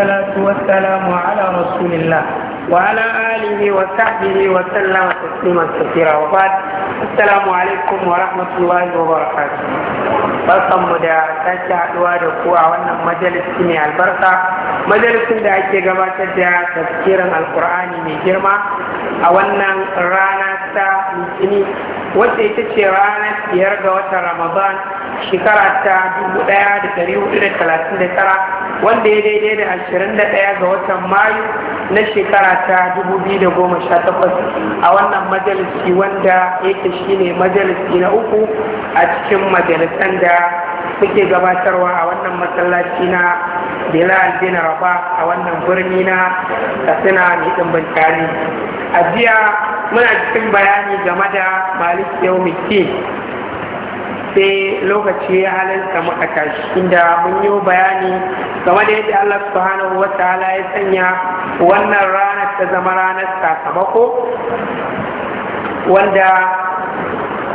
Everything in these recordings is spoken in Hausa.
والصلاة والسلام على رسول الله وعلى آله وصحبه وسلم تسليما كثيرا وبعد السلام عليكم ورحمة الله وبركاته barkan mu da sake haɗuwa da ku a wannan majalisi mai albarka majalisin da ake gabatar da tafsirin alkur'ani mai girma a wannan rana ta litini wadda ita ce ranar biyar ga watan ramadan shekara ta tara wanda ya daidai da ashirin da 21 ga watan mayu na shekara ta takwas a wannan majalisi wanda yake shine majalisi na uku a cikin majalisan da muke gabatarwa a wannan masallaci na bilal bin Raba, a wannan birni na katsina mai ɗimbin a jiya muna cikin bayani game da malik yau sai lokaci ya halarta muka tashi inda mun yi bayani game da yadda Allah subhanahu wa ta'ala ya sanya wannan ranar ta zama ranar sakamako wanda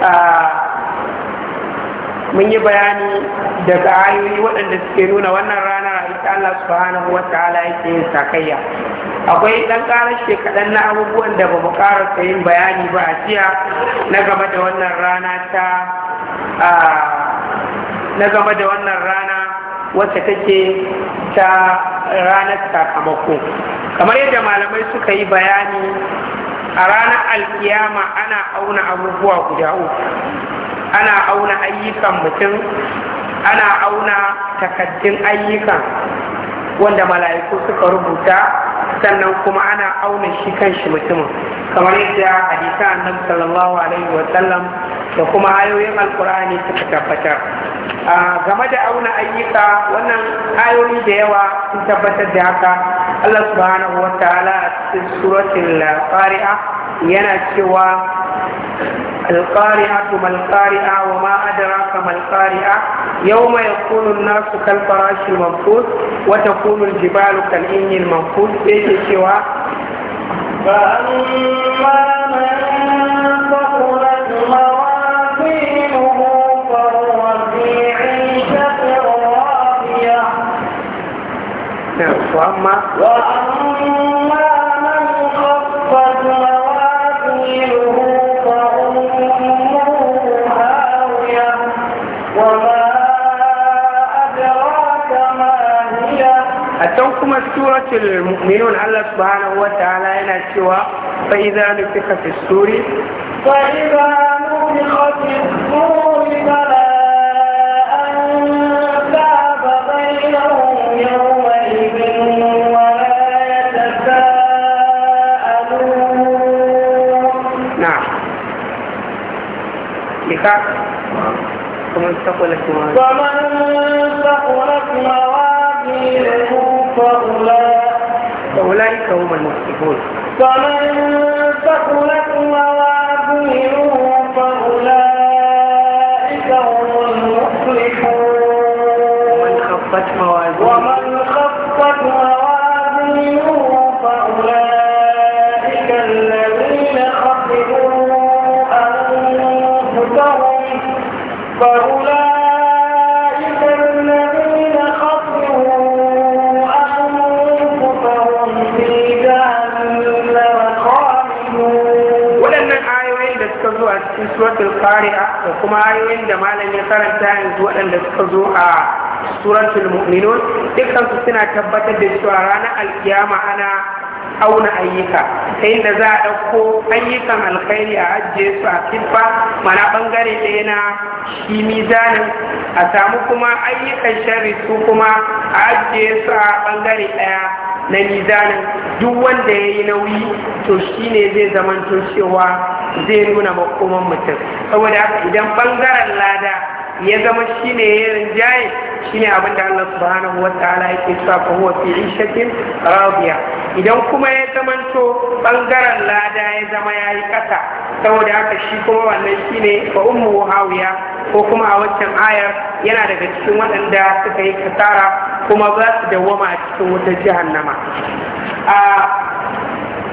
ah, mun yi bayani daga ayoyi waɗanda suke nuna wannan ranar a ita Allah subhanahu wa ta'ala yake yin sakayya akwai ɗan ƙarar shekaɗan na abubuwan da ba mu ƙara yin bayani ba a jiya na game da wannan rana ta na game da wannan rana wacce take ta ranar sakamako kamar yadda malamai suka yi bayani a ranar alkiyama ana auna abubuwa guda uku ana auna ayyukan mutum ana auna takaddun ayyukan wanda mala'iku suka rubuta sannan kuma ana auna shi kan shi mutumin kamar yadda hadisa annabi sallallahu alaihi wa sallam da kuma ayoyin alkur'ani suka tabbatar A game da auna ayyuka wannan ayoyi da yawa sun tabbatar da haka Allah subhanahu wa ta'ala a cikin suratul lafari'a, yana cewa القارعة ما القارعة وما أدراك ما القارعة يوم يكون الناس كالفراش المنفوس وتكون الجبال كالإن المنفوس إيه سوى فأما وأما وأما من فأمه هاوية وما أدراك ما هي أتوكم سورة المؤمنون الله سبحانه وتعالى هنا سوى فإذا نفخ في السور فإذا نفخ في السور ka kuma sakwalar kuma wa bi ne mu fa'ula ka wula yi ka wuma na sikoli ba man sakwalar qari'a da kuma ayoyin da malam ya karanta yanzu waɗanda suka zo a suratul mu'minun dukkan su suna tabbatar da cewa ranar alkiyama ana auna ayyuka ta yadda za a ɗauko ayyukan alkhairi a ajiye su a kibba mana ɓangare ɗaya na shi mizanin a samu kuma ayyukan sharri su kuma a ajiye su a ɓangare ɗaya na mizanin duk wanda ya yi nauyi to shi ne zai zamanto cewa zai nuna makoman mutum saboda haka idan bangaren lada ya zama shi ne ya rinjaye shine abin da Allah subhanahu wa ta'ala yake sa fa huwa fi ishatin radiya idan kuma ya zamanto bangaren lada ya zama yayi kasa saboda haka shi kuma wannan shi ne fa ummu hawiya ko kuma a wancan ayar yana daga cikin waɗanda suka yi kasara kuma za su dawwama a cikin wutar jihar nama.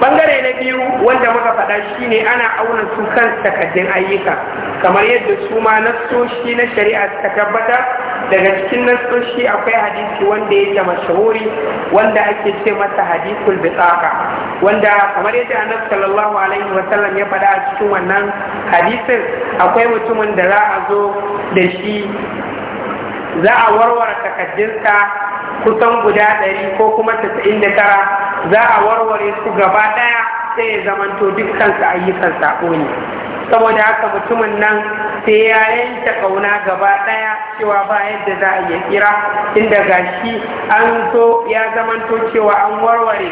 bangare na biyu wanda muka faɗa shine ana auna su kan takaddun ayyuka kamar yadda su ma nassoshi na shari'a suka tabbata daga cikin nassoshi akwai hadisi wanda yake mashahuri wanda ake ce masa hadisul bitaka wanda kamar yadda annabi sallallahu alaihi wa sallam ya faɗa a cikin wannan hadisin akwai mutumin da za a zo da shi za a warware takaddunsa kusan guda ɗari ko kuma tasa'in da tara za a warware su gaba ɗaya sai ya zamanto dukkansu ayyukan saƙo ne saboda haka mutumin nan sai ya yanke ƙauna gaba ɗaya cewa ba yadda za a iya kira inda shi an zo ya zamanto cewa an warware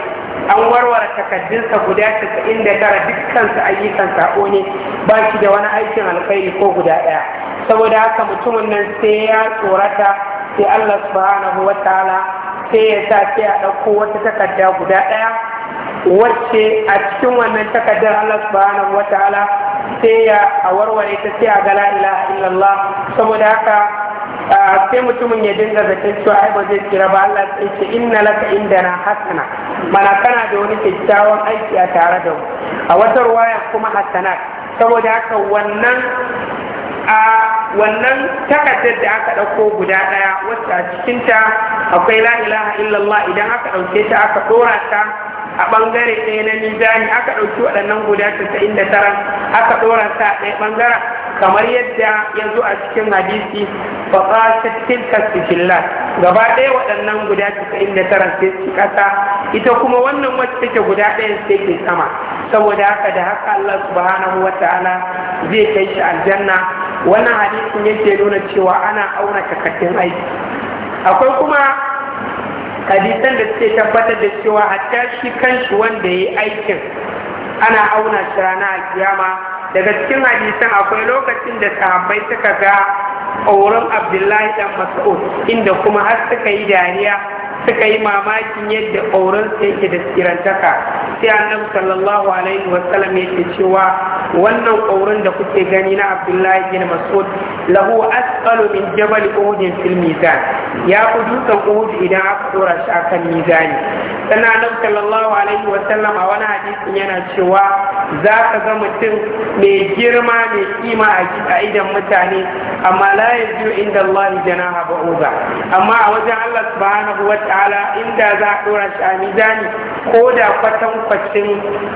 an warware takaddunsa guda casa'in da tara dukkansu ayyukan saƙo ne ba shi da wani aikin alkhairi ko guda ɗaya saboda haka mutumin nan sai ya tsorata sai Allah subhanahu wa ta'ala sai ya sa sai a ɗauko wata takarda guda ɗaya wacce a cikin wannan takardar Allah subhanahu wa ta'ala sai ya a warware ta sai a ga la ilaha illallah saboda haka sai mutumin ya dinga zaton cewa ai ba zai kira ba Allah sai ce inna laka indana hasana mana kana da wani kyakkyawan aiki a tare da mu a wata ruwaya kuma hasanat saboda haka wannan a wannan takardar da aka ɗauko guda ɗaya wacce a cikinta akwai la ilaha illallah idan aka ɗauke ta aka ɗora ta a ɓangare ɗaya na mizani aka ɗauki waɗannan guda casa'in da tara aka ɗora sa ɗaya ɓangaren kamar yadda ya zo a cikin hadisi ba ta tilka sifillat gaba ɗaya waɗannan guda casa'in da tara sai su ƙasa ita kuma wannan wacce take guda ɗaya sai ke sama saboda haka da haka Allah subhanahu wa ta'ala zai kai shi aljanna wannan hadisin yake nuna cewa ana auna takaddun aiki akwai kuma hadisan da suke tabbatar da cewa hatta shi kanshi wanda ya yi aikin ana auna shi rana a kiyama daga cikin hadisan akwai lokacin da sahabbai suka ga auren abdullahi dan mas'ud inda kuma har suka yi dariya suka yi mamakin yadda aurensa yake da tsirantaka sai annabi sallallahu alaihi wasallam yake cewa wannan auren da kuke gani na abdullahi bin mas'ud lahu asqalu min jabal uhud fil mizan ya ku dutsen uhud idan aka dora shi akan mizani sannan annabi sallallahu alaihi wasallam a wani hadisi yana cewa za ka ga mutum mai girma mai kima a idan mutane amma la yajidu inda Allah janaha ba'uda amma a wajen Allah subhanahu wa ta'ala inda za a ɗora shi a mizani ko da kwatankwacin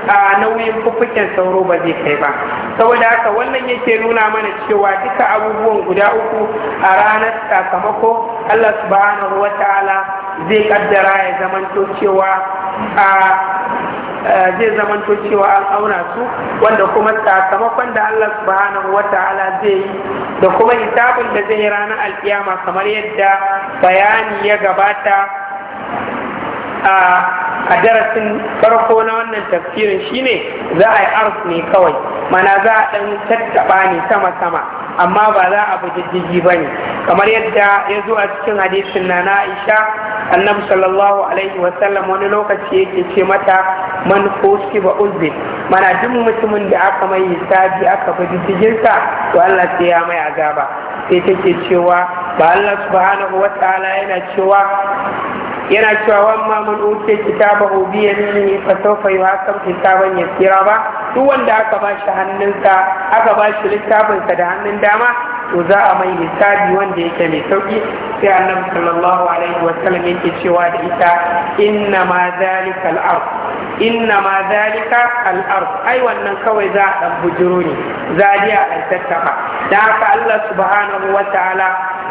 a nauyin fufuken sauro ba zai kai ba saboda haka wannan yake nuna mana cewa duka abubuwan guda uku a ranar sakamako Allah subhanahu wa ta'ala zai kaddara ya zamanto cewa a zai zamanto cewa an auna su wanda kuma sakamakon da Allah subhanahu wa ta'ala zai yi da kuma hisabin da zai yi ranar alkiyama kamar yadda bayani ya gabata a darasin farko na wannan tafsirin shine za a yi arf ne kawai mana za a ɗan tattaɓa ne sama-sama amma ba za a bi jirgi ba ne kamar yadda ya zo a cikin hadisin na na aisha annabi sallallahu alaihi wasallam wani lokaci yake ce mata man kosi ba uzbe mana duk mutumin da aka mai hisabi aka bi diddiginsa to allah sai ya mai azaba sai ke cewa ba Allah subhanahu wa ta'ala yana cewa yana cewa ma mun uke kitabahu bi yaminihi fa sawfa yuhasab kitaban yasira ba duk wanda aka ba shi hannunsa aka ba shi littafinsa da hannun dama to za a mai hisabi wanda yake mai sauki sai annabi sallallahu alaihi wa sallam yake cewa da ita inna ma zalika al-ard inna ma zalika al-ard ai wannan kawai za a dan bujiro ne za a tattaba dan haka Allah subhanahu wa ta'ala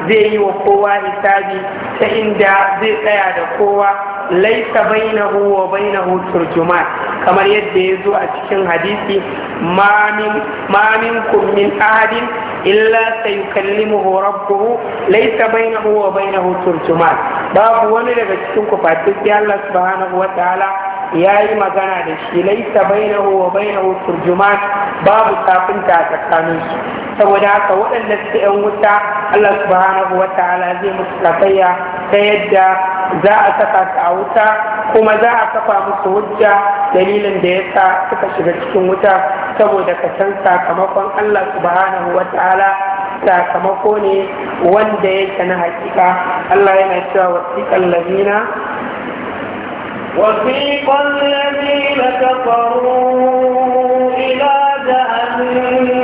zai yi wa kowa hisabi ta inda zai tsaya da kowa laisa bainahu wa bainahu turjuman kamar yadda ya zo a cikin hadisi ma minkum min ahadin illa sayukallimuhu rabbuhu laysa bainahu wa bainahu turjuman babu wani daga cikin kufatun fatis Allah subhanahu wa ta'ala ya yi magana da shi laisa bainahu wa bainahu turjuman babu kafinta a tsakanin su saboda haka waɗanda suke yan wuta Allah subhanahu ta'ala zai musu kafayya ta yadda za a saka su a wuta kuma za a kafa musu hujja dalilin da yasa suka shiga cikin wuta saboda ka san sakamakon Allah subhanahu ta'ala sakamako ne wanda yake na hakika Allah yana cewa wasiƙan lamina وسيق الذين كفروا إلى جهنم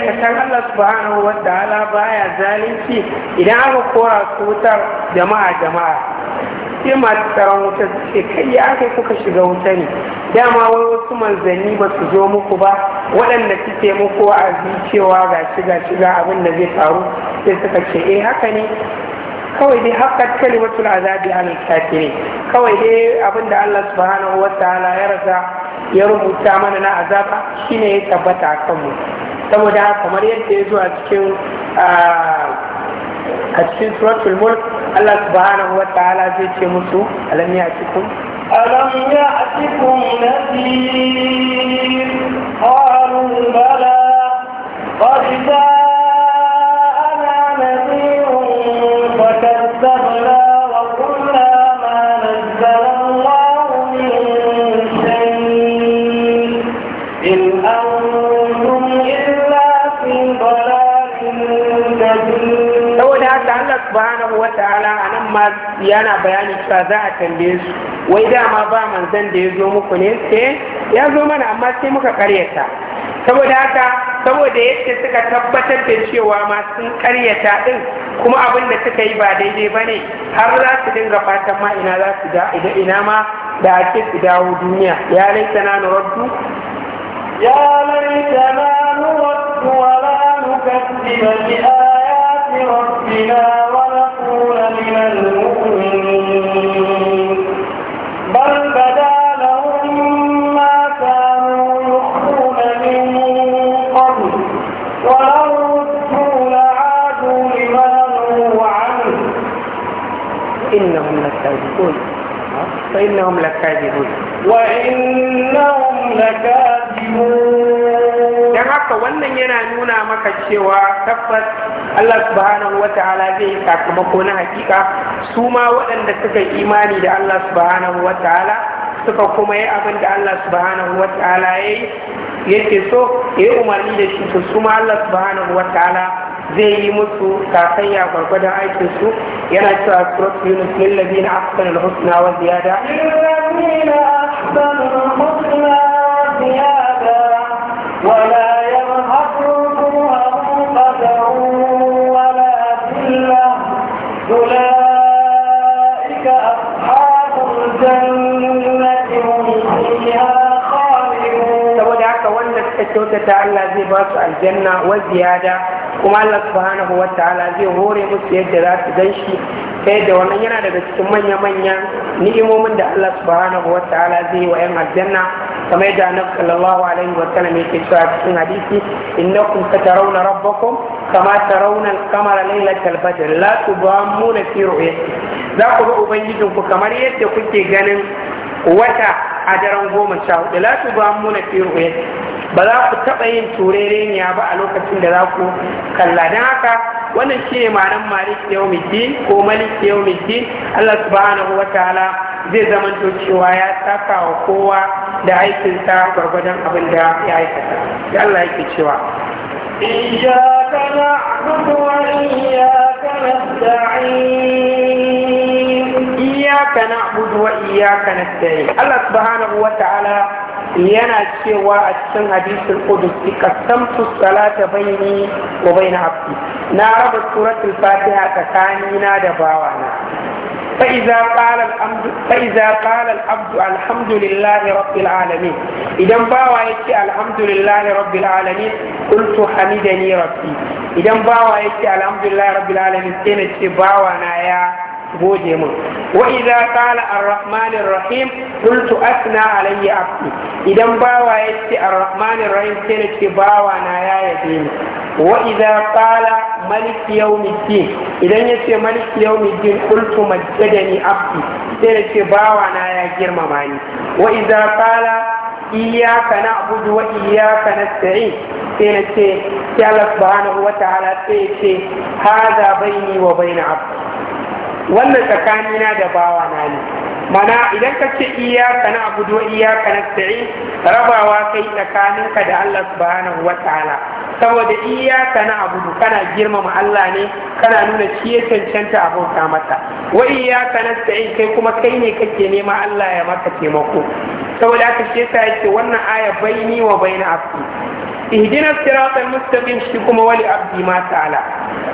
ma'aikatan Allah subhanahu wa ta'ala baya zalunci idan aka kora su wutar jama'a jama'a sai masu tsaron wuta su kai ya kai kuka shiga wuta ne dama wai wasu manzanni ba su zo muku ba waɗanda suke muku a cewa ga shiga shiga abin da zai faru sai suka ce eh haka ne kawai dai haƙƙat kalimatul azabi alal kafirin kawai dai abin da Allah subhanahu wa ta'ala ya rasa ya rubuta mana na azaba shine ya tabbata a kanmu saboda kamar yadda ya zo a cikin a cikin suratul mulk Allah subhanahu wa ta'ala zai ce musu alam ya cikin alam ya cikin nasir qalu bala qad Muhammad yana bayani cewa za a tambaye su wai dama ba manzan da ya zo muku ne sai eh, ya zo mana amma sai muka karyata saboda haka saboda yadda suka tabbatar da cewa ma sun karyata din kuma abin da suka yi ba daidai ba ne har za su dinga fatan ma ina za su da ina ma da ake su dawo duniya ya laita na nuraddu ya laita na nuraddu wa la nukazziba bi ayati rabbina فإنهم لكاذبون وإنهم لكاذبون كما haka wannan yana nuna maka cewa tabbas Allah subhanahu wa ta'ala zai yi sakamako na hakika su ma waɗanda suka imani da Allah subhanahu suka kuma yi abin da Allah subhanahu wa ta'ala ya yi yake so ya yi umarni da shi su ma Allah subhanahu wa ta'ala zai yi musu kakayya gwargwadon aikin su yana cewa surat yunus lil ladina ahsanu al husna wa ziyada lil ladina ahsanu al husna ziyada wa kyautata Allah zai ba su aljanna wa ziyada kuma Allah subhanahu wa ta'ala zai hore musu yadda za su gan shi ta yadda wannan yana daga cikin manya-manyan ni'imomin da Allah subhanahu wa ta'ala zai wa yan aljanna kamar yadda annabi sallallahu alaihi wa sallam yake cewa cikin hadisi innakum satarawna rabbakum kama tarawna al-qamara laylatal badr la tudammuna fi ce, za ku ga ku kamar yadda kuke ganin wata a daren goma sha hudu la tudammuna fi ce. ba za ku taɓa yin turereniya ba a lokacin da za ku kalla don haka wannan shi ne ma'anar malik yawmiddin ko malik yawmiddin Allah subhanahu wa ta'ala zai zamanto cewa ya saka wa kowa da aikinsa gwargwadon abin da ya aikata da Allah yake cewa إياك نعبد وإياك نستعين إياك نعبد وإياك نستعين الله سبحانه وتعالى yana cewa a cikin hadisin qudusi qasamtu salata baini wa baina abdi na raba suratul fatiha tsakanina da bawana فإذا قال الحمد فإذا قال العبد الحمد لله رب العالمين إذا باوا يتي الحمد لله رب العالمين قلت حمدني ربي إذا باوا يتي الحمد لله رب العالمين سنة باوا يا goge mun wa idza qala ar-rahman ar-rahim qultu asna alayya abdi idan bawa yace ar-rahman ar-rahim sai na ce bawa na ya yabe ni wa idza qala malik yawmiddin idan yace malik yawmiddin qultu majjadani abdi sai na bawa na ya girmama ni wa idza qala iyyaka na'budu wa iyyaka nasta'in sai na sai Allah subhanahu wa ta'ala sai ya ce hada wa baina abdi wannan tsakanina da bawa na ne mana idan ka ce iyaka na abudu wa iyaka na sa'i rabawa kai tsakaninka da Allah subhanahu wa ta'ala saboda iyaka na abudu kana girmama Allah ne kana nuna shi ya cancanta abota mata wa iyaka na sa'i kai kuma kai ne kake nema Allah ya maka taimako saboda haka shi yasa yake wannan aya baini wa baina abdi ihdina siratal mustaqim shi kuma wali abdi ma ta'ala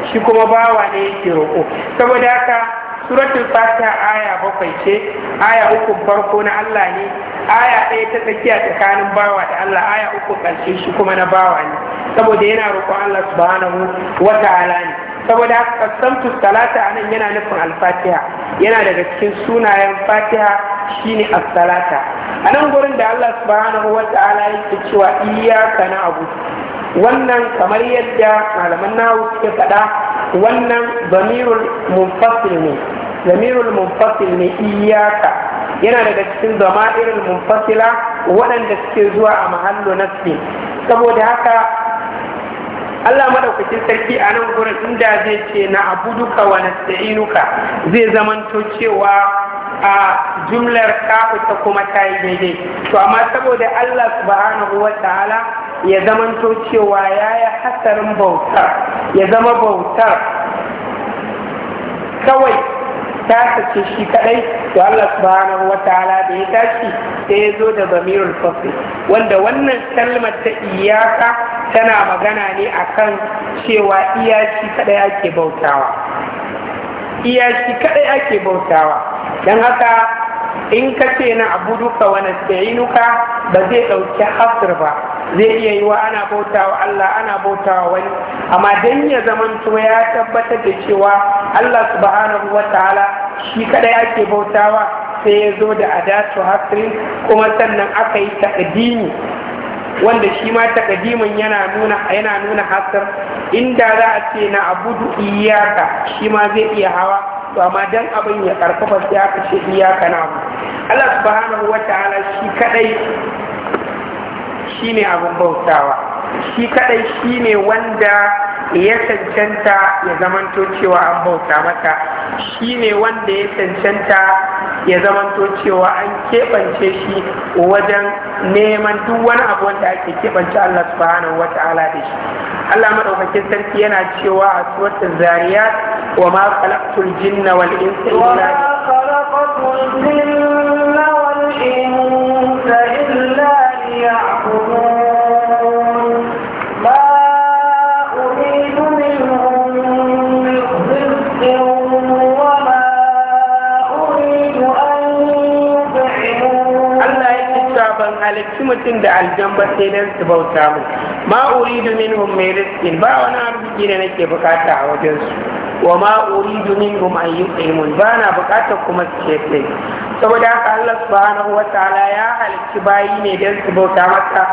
shi kuma bawa ne yake roƙo saboda haka suratul fatiha aya bakwai ce aya uku farko na Allah ne aya ɗaya ta tsakiya tsakanin bawa da Allah aya uku ƙarshe shi kuma na bawa ne saboda yana roƙon Allah subhanahu wa ta'ala ne saboda haka kasamtu salata nan yana nufin al-fatiha yana daga cikin sunayen fatiha shine as-salata anan gurin da Allah subhanahu wa ta'ala yake cewa iyyaka na'budu wannan kamar yadda malaman nawu suke faɗa wannan zamirul munfasil ne Lamirul munfasil ne iyaka yana daga cikin zama'irul munfasila waɗanda suke zuwa a mahallo nasbi saboda haka Allah madaukakin sarki a nan gurin inda zai ce na abuduka wa nasta'inuka zai zamanto cewa a jumlar kafu ta kuma ta yi daidai to amma saboda Allah subhanahu wa ta'ala ya zamanto cewa ya yi hasarin bautar ya zama bautar kawai Ta ce shi kadai to Allah subhanahu wataala da ya tashi sai ya zo da zamirul fasl wanda wannan kalmar ta iyaka tana magana ne akan cewa iyaki kadai ake bautawa iyaki kadai ake bautawa dan haka in ka ce na abuduka wani nasta'inuka ba zai ɗauki hasir ba zai iya yi wa ana bauta wa Allah ana bauta wa wani amma dan ya zamanto ya tabbatar da cewa Allah subhanahu wa ta'ala shi kadai ake bautawa sai ya zo da adatu hasirin. kuma sannan aka yi takadimi wanda shi ma takadimin yana nuna yana nuna inda za a ce na abudu iyaka shi ma zai iya hawa to amma dan abin ya karfafa sai aka ce iya kana abu Allah subhanahu wataala shi kadai shine abin bautawa shi kadai shine wanda ya cancanta ya zamanto cewa an bauta mata shine wanda ya cancanta ya zamanto cewa an keɓance shi wajen neman duk wani abu wanda ake keɓance Allah subhanahu wataala da shi Allah madaukakin sarki yana cewa a suratul zariyat وما خلقت الجن والإنس إلا وما خلقت الجن والإنس إلا halitti mutum da aljamba sai don su bauta mu ma uridu minhum mai rizkin ba wani arziki da nake buƙata a wajen su wa ma uridu minhum an yut'imun ba na bukatar kuma su ce saboda haka Allah subhanahu wa ta'ala ya halicci bayi ne don su bauta masa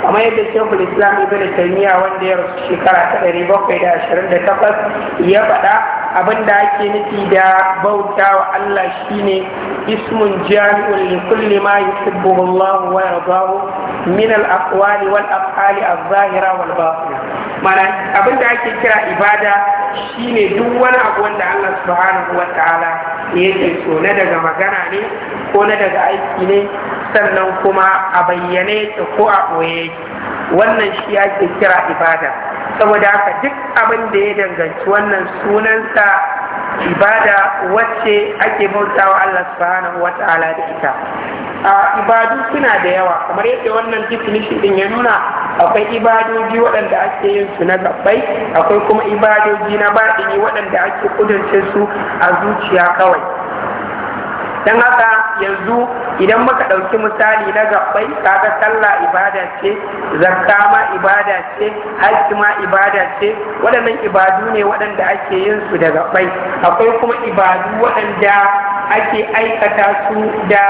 kamar yadda Sheikhul Islam Ibn Taymiyyah wanda ya rasu shekara ta ɗari bakwai da ashirin da takwas ya faɗa abin da ake nufi da bauta wa Allah shine ismun jami'un li kulli ma yuhibbuhu Allah wa yardahu min al-aqwali wal af'ali adh-dhahira wal batina mana abin da ake kira ibada shi ne duk wani abu wanda Allah subhanahu wa ta'ala yake so na daga magana ne ko na daga aiki ne sannan kuma a bayyane ko a ɓoye wannan shi ake kira ibada saboda haka duk abin da ya danganci wannan sunansa ibada wacce ake bautawa Allah subhanahu wata'ala da ita a ibadu suna da yawa kamar yadda wannan definition din ya nuna akwai ibadoji waɗanda ake yin su na gabbai akwai kuma ibadoji na baɗini waɗanda ake kudurce su a zuciya kawai don haka yanzu idan muka ɗauki misali na gabbai kaga sallah ibada ce zakka ma ibada ce hajji ma ibada ce waɗannan ibadu ne waɗanda ake yin su da gabbai akwai kuma ibadu waɗanda ake aikata su da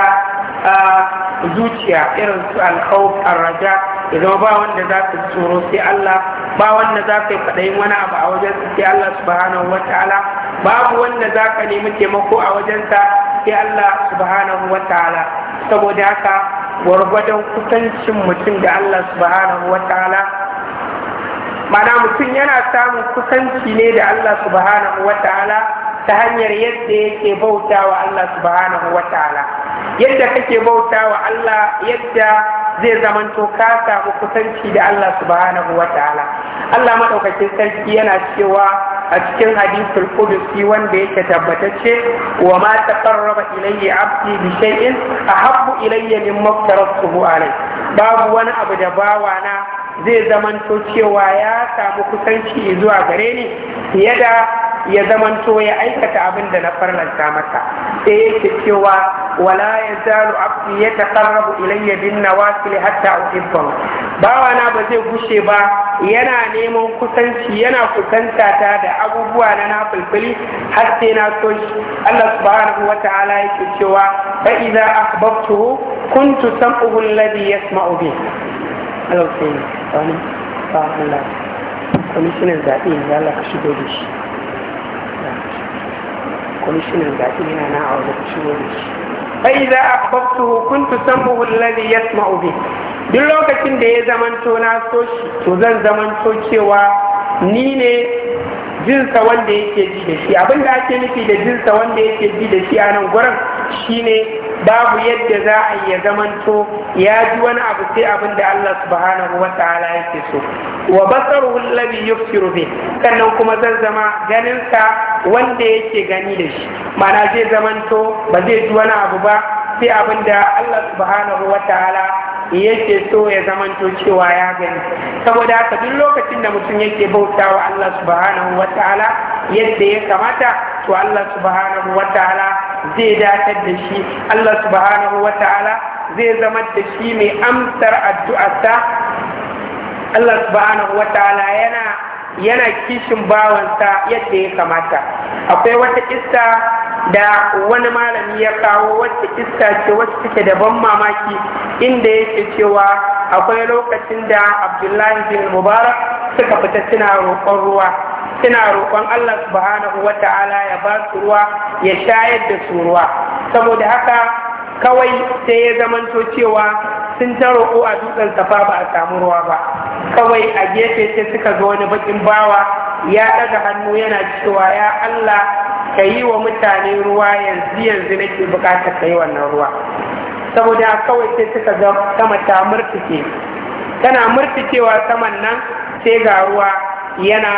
zuciya irin su alkhawf arraja idan ba wanda za ka tsoro sai Allah ba wanda za ka yi faɗayin wani abu a wajen sai Allah subhanahu wataala babu wanda za ka nemi taimako a wajensa sai Allah subhanahu subhanahu wa ta'ala saboda haka gwargwadon kusancin mutum da Allah subhanahu wa ta'ala mana mutum yana samun kusanci ne da Allah subhanahu wa ta'ala ta hanyar yadda yake bauta wa Allah subhanahu wa ta'ala yadda kake bauta wa Allah yadda zai zamanto ka samu kusanci da Allah subhanahu wa ta'ala Allah maɗaukakin sarki yana cewa a cikin hadisul kudusi wanda yake tabbatacce wa ma taqarraba ilayya abdi bi shay'in ahabbu ilayya min aftaratuhu alayhi babu wani abu da na zai zamanto cewa ya samu kusanci zuwa gare ni fiye da ya zamanto ya aikata abin da na farlanta mata sai yake cewa wala yazalu abdi yataqarrabu ilayya bin nawafil hatta uhibbahu bawa na ba zai gushe ba yana neman kusanci yana kusanta ta da abubuwa na nafilfili har sai na so shi Allah subhanahu wata'ala yake cewa fa idza ahbabtuhu kuntu sam'uhu alladhi yasma'u bi Allah sai wani ba Allah kwamishinan zaɓe ya Allah ka shigo da shi kwamishinan zaɓe yana na a wani ciwo da shi bai za a kwaftu hukuntu san buhulladi ya ma'ubi duk lokacin da ya zamanto na so shi to zan zamanto cewa ni ne jinsa wanda yake bi da shi abin da ake nufi da jinsa wanda yake bi da shi a nan gurin shine babu yadda za a ya zamanto ya ji wani abu sai abin da Allah subhanahu wa ta'ala yake so wa basaruhu alladhi yubsiru bih sannan kuma zan zama ganin sa wanda yake gani da shi ma'ana zai zamanto ba zai ji wani abu ba sai abin da Allah subhanahu wa ta'ala yake so ya zamanto cewa ya gani saboda haka duk lokacin da mutum yake bautawa Allah subhanahu yadda ya kamata to Allah subhanahu zai datar da shi Allah subhanahu zai zama da shi mai amsar addu'arsa Allah subhanahu wataala yana yana kishin bawansa yadda ya kamata akwai wata kista da wani malami ya kawo wata kista ce wacce take da ban mamaki inda yake cewa akwai lokacin da abdullahi bin mubarak suka fita suna roƙon ruwa suna roƙon Allah subhanahu wa ta'ala ya ba su ruwa ya shayar da su ruwa saboda haka kawai sai ya zamanto cewa sun ta roƙo a dutsen safa ba a samu ruwa ba kawai a gefe sai suka ga wani bakin bawa ya daga hannu yana cewa ya Allah ka yi wa mutane ruwa yanzu yanzu nake bukatar ka yi wannan ruwa saboda kawai sai suka ga sama ta murtuke tana murtukewa saman nan sai ga ruwa yana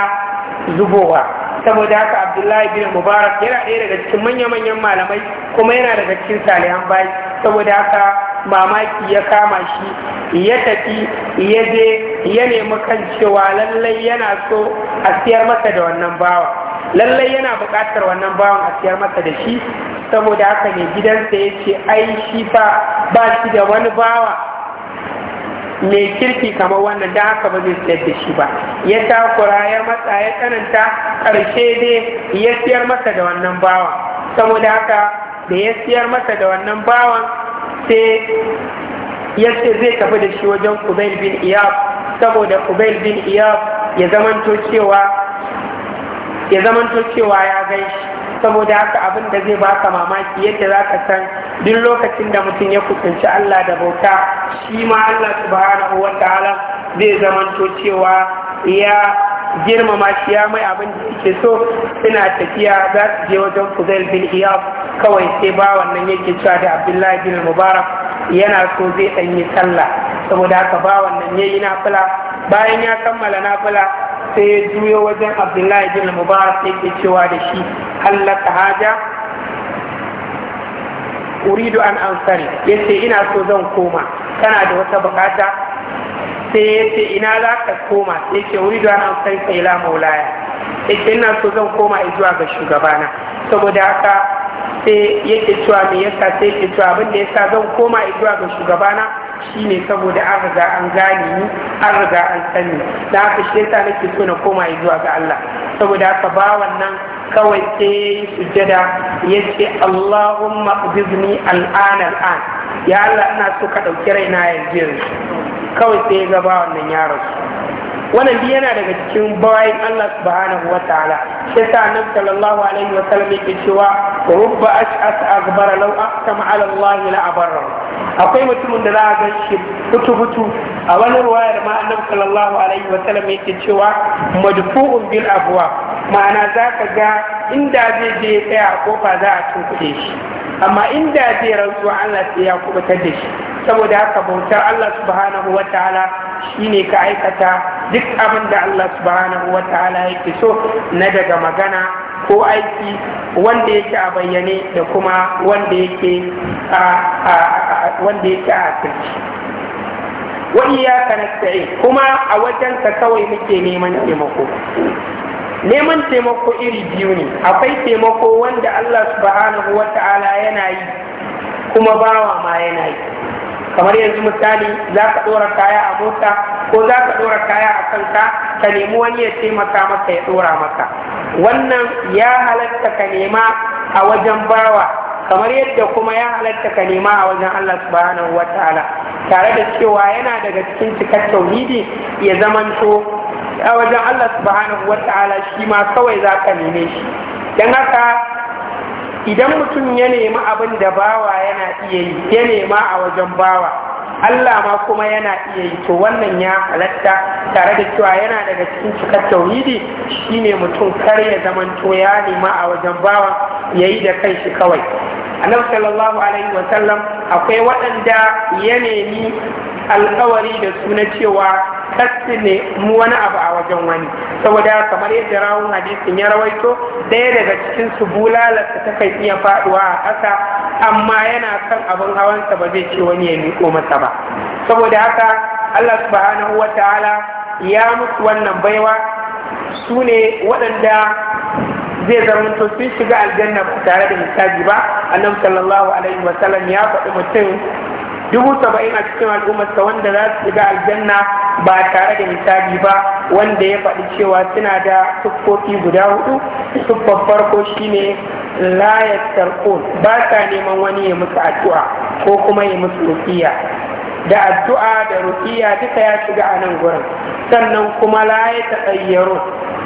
zubowa saboda haka abdullahi bin mubarak yana ɗaya daga cikin manya-manyan malamai kuma yana daga cikin salihan bai. saboda haka mamaki ya kama shi ya tafi ya je ya nemi kan cewa lallai yana so a siyar masa da wannan bawa lallai yana buƙatar wannan bawan a siyar masa da shi saboda haka mai gidansa ya ce ai shi ba shi da wani bawa mai kirki kamar wannan da haka ba zai siyar da shi ba ya takura ya matsa ya tsananta ƙarshe dai ya siyar masa da wannan bawan saboda haka da ya siyar masa da wannan bawan sai ya ce zai tafi da shi wajen kubail bin iyab saboda kubail bin iyab ya zamanto cewa ya gan shi saboda haka abin da zai baka mamaki yadda za ka san duk lokacin da mutum ya kusanci Allah da bauta shi ma Allah subhanahu wa ta'ala zai zamanto cewa ya girmama shi ya mai abin da suke so suna tafiya za su je wajen fuzail bin iyaf kawai sai ba wannan yake cewa da abdullahi bin mubarak yana so zai dan yi sallah saboda haka ba wannan ya yi nafila bayan ya kammala nafila sai ya juyo wajen abdullahi bin mubarak yake cewa da shi hallaka haja uridu an ansari yace ina so zan koma kana da wata bukata sai ya ce ina za ka koma sai ce wuri da na kai sai la maulaya sai ce ina so zan koma zuwa ga shugabana saboda haka sai yake cewa me yasa sai yake cewa abin da yasa zan koma zuwa ga shugabana shine saboda an riga an gane ni an riga an san ni da haka shi yasa nake so na koma zuwa ga Allah saboda haka ba wannan kawai sai sujjada ya ce Allahumma ubizni al'an al'an ya Allah ina so ka ɗauki raina yanzu yanzu kawai sai ya gaba wannan yaron wannan biyu yana daga cikin bayan Allah subhanahu wa ta'ala sai sa annabi sallallahu alaihi wa sallam yake cewa rubba ash'as akbar law aqsama ala Allah la abarra akwai mutumin da za a ga shi hutu hutu a wani ruwayar ma annabi sallallahu alaihi wa sallam yake cewa madfu'un bil abwa ma'ana zaka ga inda zai je ya tsaya a kofa za a tunkuɗe shi amma inda zai rantsuwa Allah sai ya kubutar da shi saboda haka bautar Allah subhanahu wa ta'ala shine ka aikata duk abin da Allah subhanahu wa ta'ala yake so na daga magana ko aiki wanda yake a bayyane da kuma wanda yake a wanda yake a kirki wa iyyaka nasta'in kuma a wajenka kawai muke neman taimako neman taimako iri biyu ne akwai taimako wanda Allah subhanahu wa ta'ala yana yi kuma bawa ma yana yi kamar yanzu misali za ka ɗora kaya a mota ko za ka ɗora kaya a kanka ka nemi wani ya taimaka maka ya ɗora maka wannan ya halatta ka nema a wajen bawa kamar yadda kuma ya halatta ka nema a wajen Allah subhanahu wa ta'ala tare da cewa yana daga cikin cikar tauhidi ya zamanto a wajen Allah subhanahu wa ta'ala shi ma kawai za ka neme shi don haka idan mutum ya nemi abin da bawa yana iya yi ya nema a wajen bawa Allah ma kuma yana iya yi to wannan ya halatta tare da cewa yana daga cikin cikar tauhidi ne mutum kar ya zamanto ya nema a wajen bawa ya yi da kai shi kawai annabi sallallahu alaihi wa sallam akwai waɗanda ya nemi alkawari da su na cewa kassi ne mu wani abu a wajen wani saboda kamar yadda rawun hadisi ya rawaito ɗaya daga cikin su bulalarsa ta kai iya faɗuwa a ƙasa amma yana kan abin hawansa ba zai ce wani ya miƙo masa ba saboda haka Allah subhanahu wa ta'ala ya mutu wannan baiwa su ne waɗanda zai to sun shiga aljanna ba tare da misali ba annabi sallallahu alaihi wa sallam ya faɗi mutum dubu saba'in a cikin al'ummarsa wanda za su shiga aljanna ba tare da misali ba wanda ya faɗi cewa suna da siffofi guda hudu siffar farko shine layar tarkon ba sa neman wani ya musu addu'a ko kuma ya musu rufiya da addu'a da rufiya duka ya shiga a nan gurin sannan kuma layar tsayyaro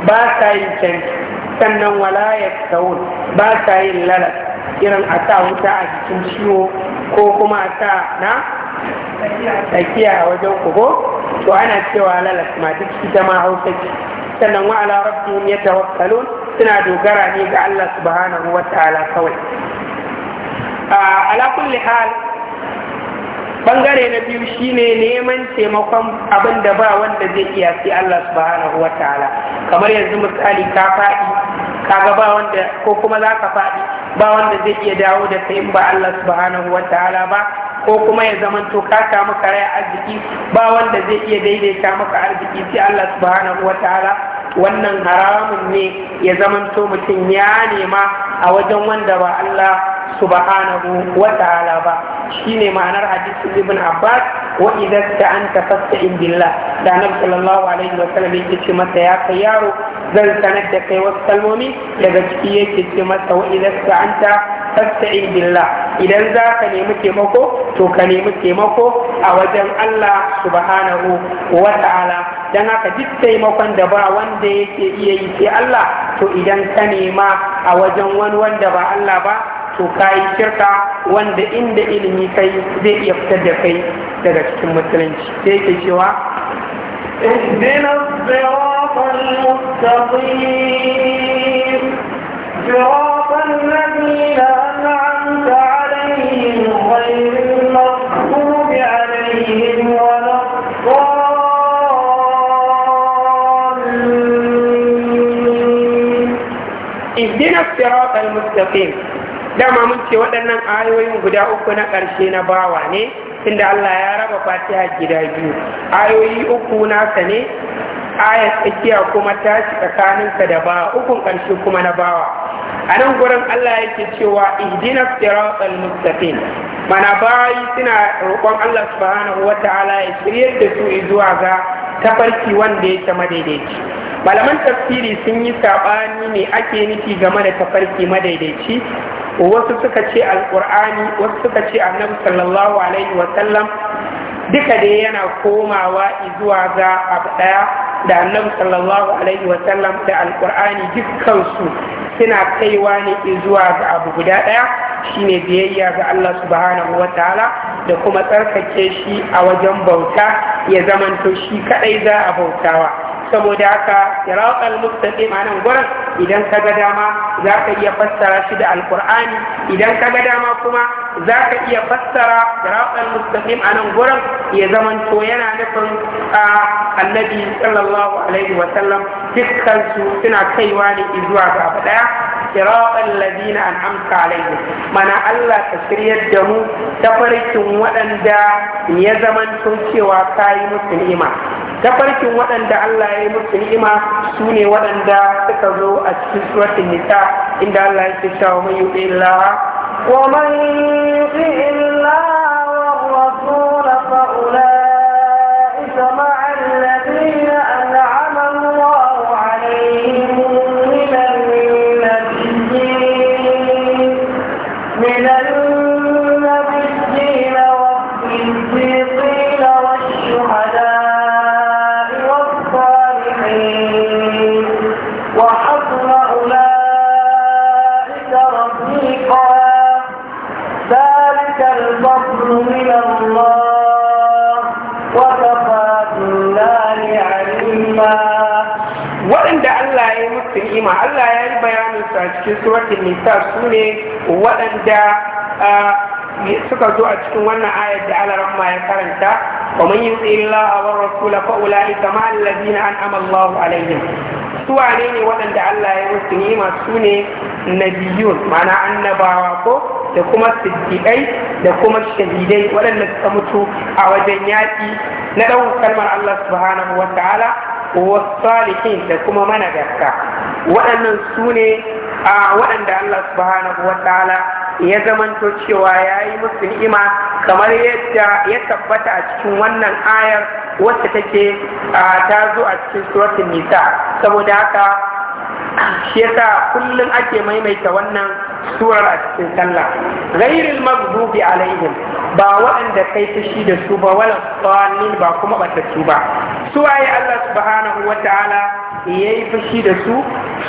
ba sa yin canji sannan wala ya ba sa yin lalata. irin a sa wuta a jikin ciwo ko kuma a sa na tsakiya a wajen kogo to ana cewa lalas ma duk ita ma hausa ce sannan wa ala rabbihim yatawakkalun suna dogara ne ga Allah subhanahu wa ta'ala kawai a ah, ala kulli hal bangare na biyu shine neman taimakon abin da ba wanda zai iya sai Allah subhanahu wataala kamar yanzu misali ka faɗi kaga ba wanda ko kuma za ka faɗi ba wanda zai iya dawo da kai ba Allah subhanahu wataala ba ko kuma ya zama to ka samu karaya arziki ba wanda zai iya daidaita maka arziki sai Allah subhanahu wataala wannan haramun ne ya zama to mutum ya nema a wajen wanda ba Allah subhanahu wa ta'ala ba shine ma'anar hadisin ibn abbas wa idza ta'anta fasta'in billah da annabi sallallahu alaihi wa sallam yake ce masa ya kai yaro zan sanar da kai wasu kalmomi daga ciki yake ce masa wa idza ta'anta fasta'in billah idan za ka nemi taimako to ka nemi taimako a wajen Allah subhanahu wa ta'ala Dan haka duk taimakon da ba wanda yake iya yi sai Allah to idan ka nema a wajen wani wanda ba Allah ba to kayi shirka wanda inda ilimi kai zai iya fitar da kai daga cikin musulunci sai yake cewa اهدنا الصراط المستقيم صراط الذين أنعمت عليهم غير المغضوب عليهم ولا اهدنا الصراط المستقيم dama mun ce waɗannan ayoyin guda uku na ƙarshe na bawa ne inda Allah ya raba fatiha gida biyu ayoyi uku nasa ne ayat tsakiya kuma ta ci tsakaninka da bawa ukun ƙarshe kuma na bawa a nan gurin Allah yake cewa ihdina siratal mustaqim mana bayi suna roƙon Allah subhanahu wata'ala ya shiryar da su zuwa ga tafarki wanda yake madaidaici malaman tafsiri sun yi saɓani ne ake nufi game da tafarki madaidaici wasu suka ce alkur'ani wasu suka ce annabi sallallahu alaihi wasallam duka dai yana komawa zuwa ga abu ɗaya da annabi sallallahu alaihi wasallam da alƙur'ani dukkansu suna kaiwa ne zuwa ga abu guda ɗaya shine biyayya ga Allah subhanahu wataala da kuma tsarkake shi a wajen bauta ya zamanto shi kaɗai za a bautawa saboda haka sirat al-mustaqim anan gurin idan ka ga dama za ka iya fassara shi da alqur'ani idan ka ga dama kuma za ka iya fassara sirat al-mustaqim anan gurin ya zaman to yana nufin a annabi sallallahu alaihi wa sallam dukkan su suna kaiwa ne zuwa ga abu daya sirat alladhina an'amta alaihim mana Allah ka shiryar da mu tafarkin farkin waɗanda ya zaman to cewa kai musulma tafarkin waɗanda Allah ya yi musu ni'ima su ne waɗanda suka zo a cikin suratun nisa inda Allah ya cewa wa man A cikin suratul nisa sune ne waɗanda suka zo a cikin wannan ayar da alaramma ya karanta ومن يطع الله والرسول فاولئك مع الذين انعم الله عليهم suwane ne waɗanda Allah ya musu nima su ne nabiyun ma'ana annabawa ko da kuma siddiƙai da kuma shahidai waɗanda suka mutu a wajen yaƙi na ɗaukar kalmar Allah subhanahu wa ta'ala wa salihin da kuma managarta waɗannan sune. a waɗanda Allah subhanahu wa ta'ala ya zamanto cewa ya yi musu ni'ima kamar yadda ya tabbata a cikin wannan ayar wacce take ta zo a cikin suratun nisa saboda haka shi yasa kullum ake maimaita wannan surar a cikin sallah ghairil maghdubi alaihim ba waɗanda kai fushi da su ba wala tsawanin ba kuma ɓatattu ba su waye Allah subhanahu wa ta'ala ya yi fushi da su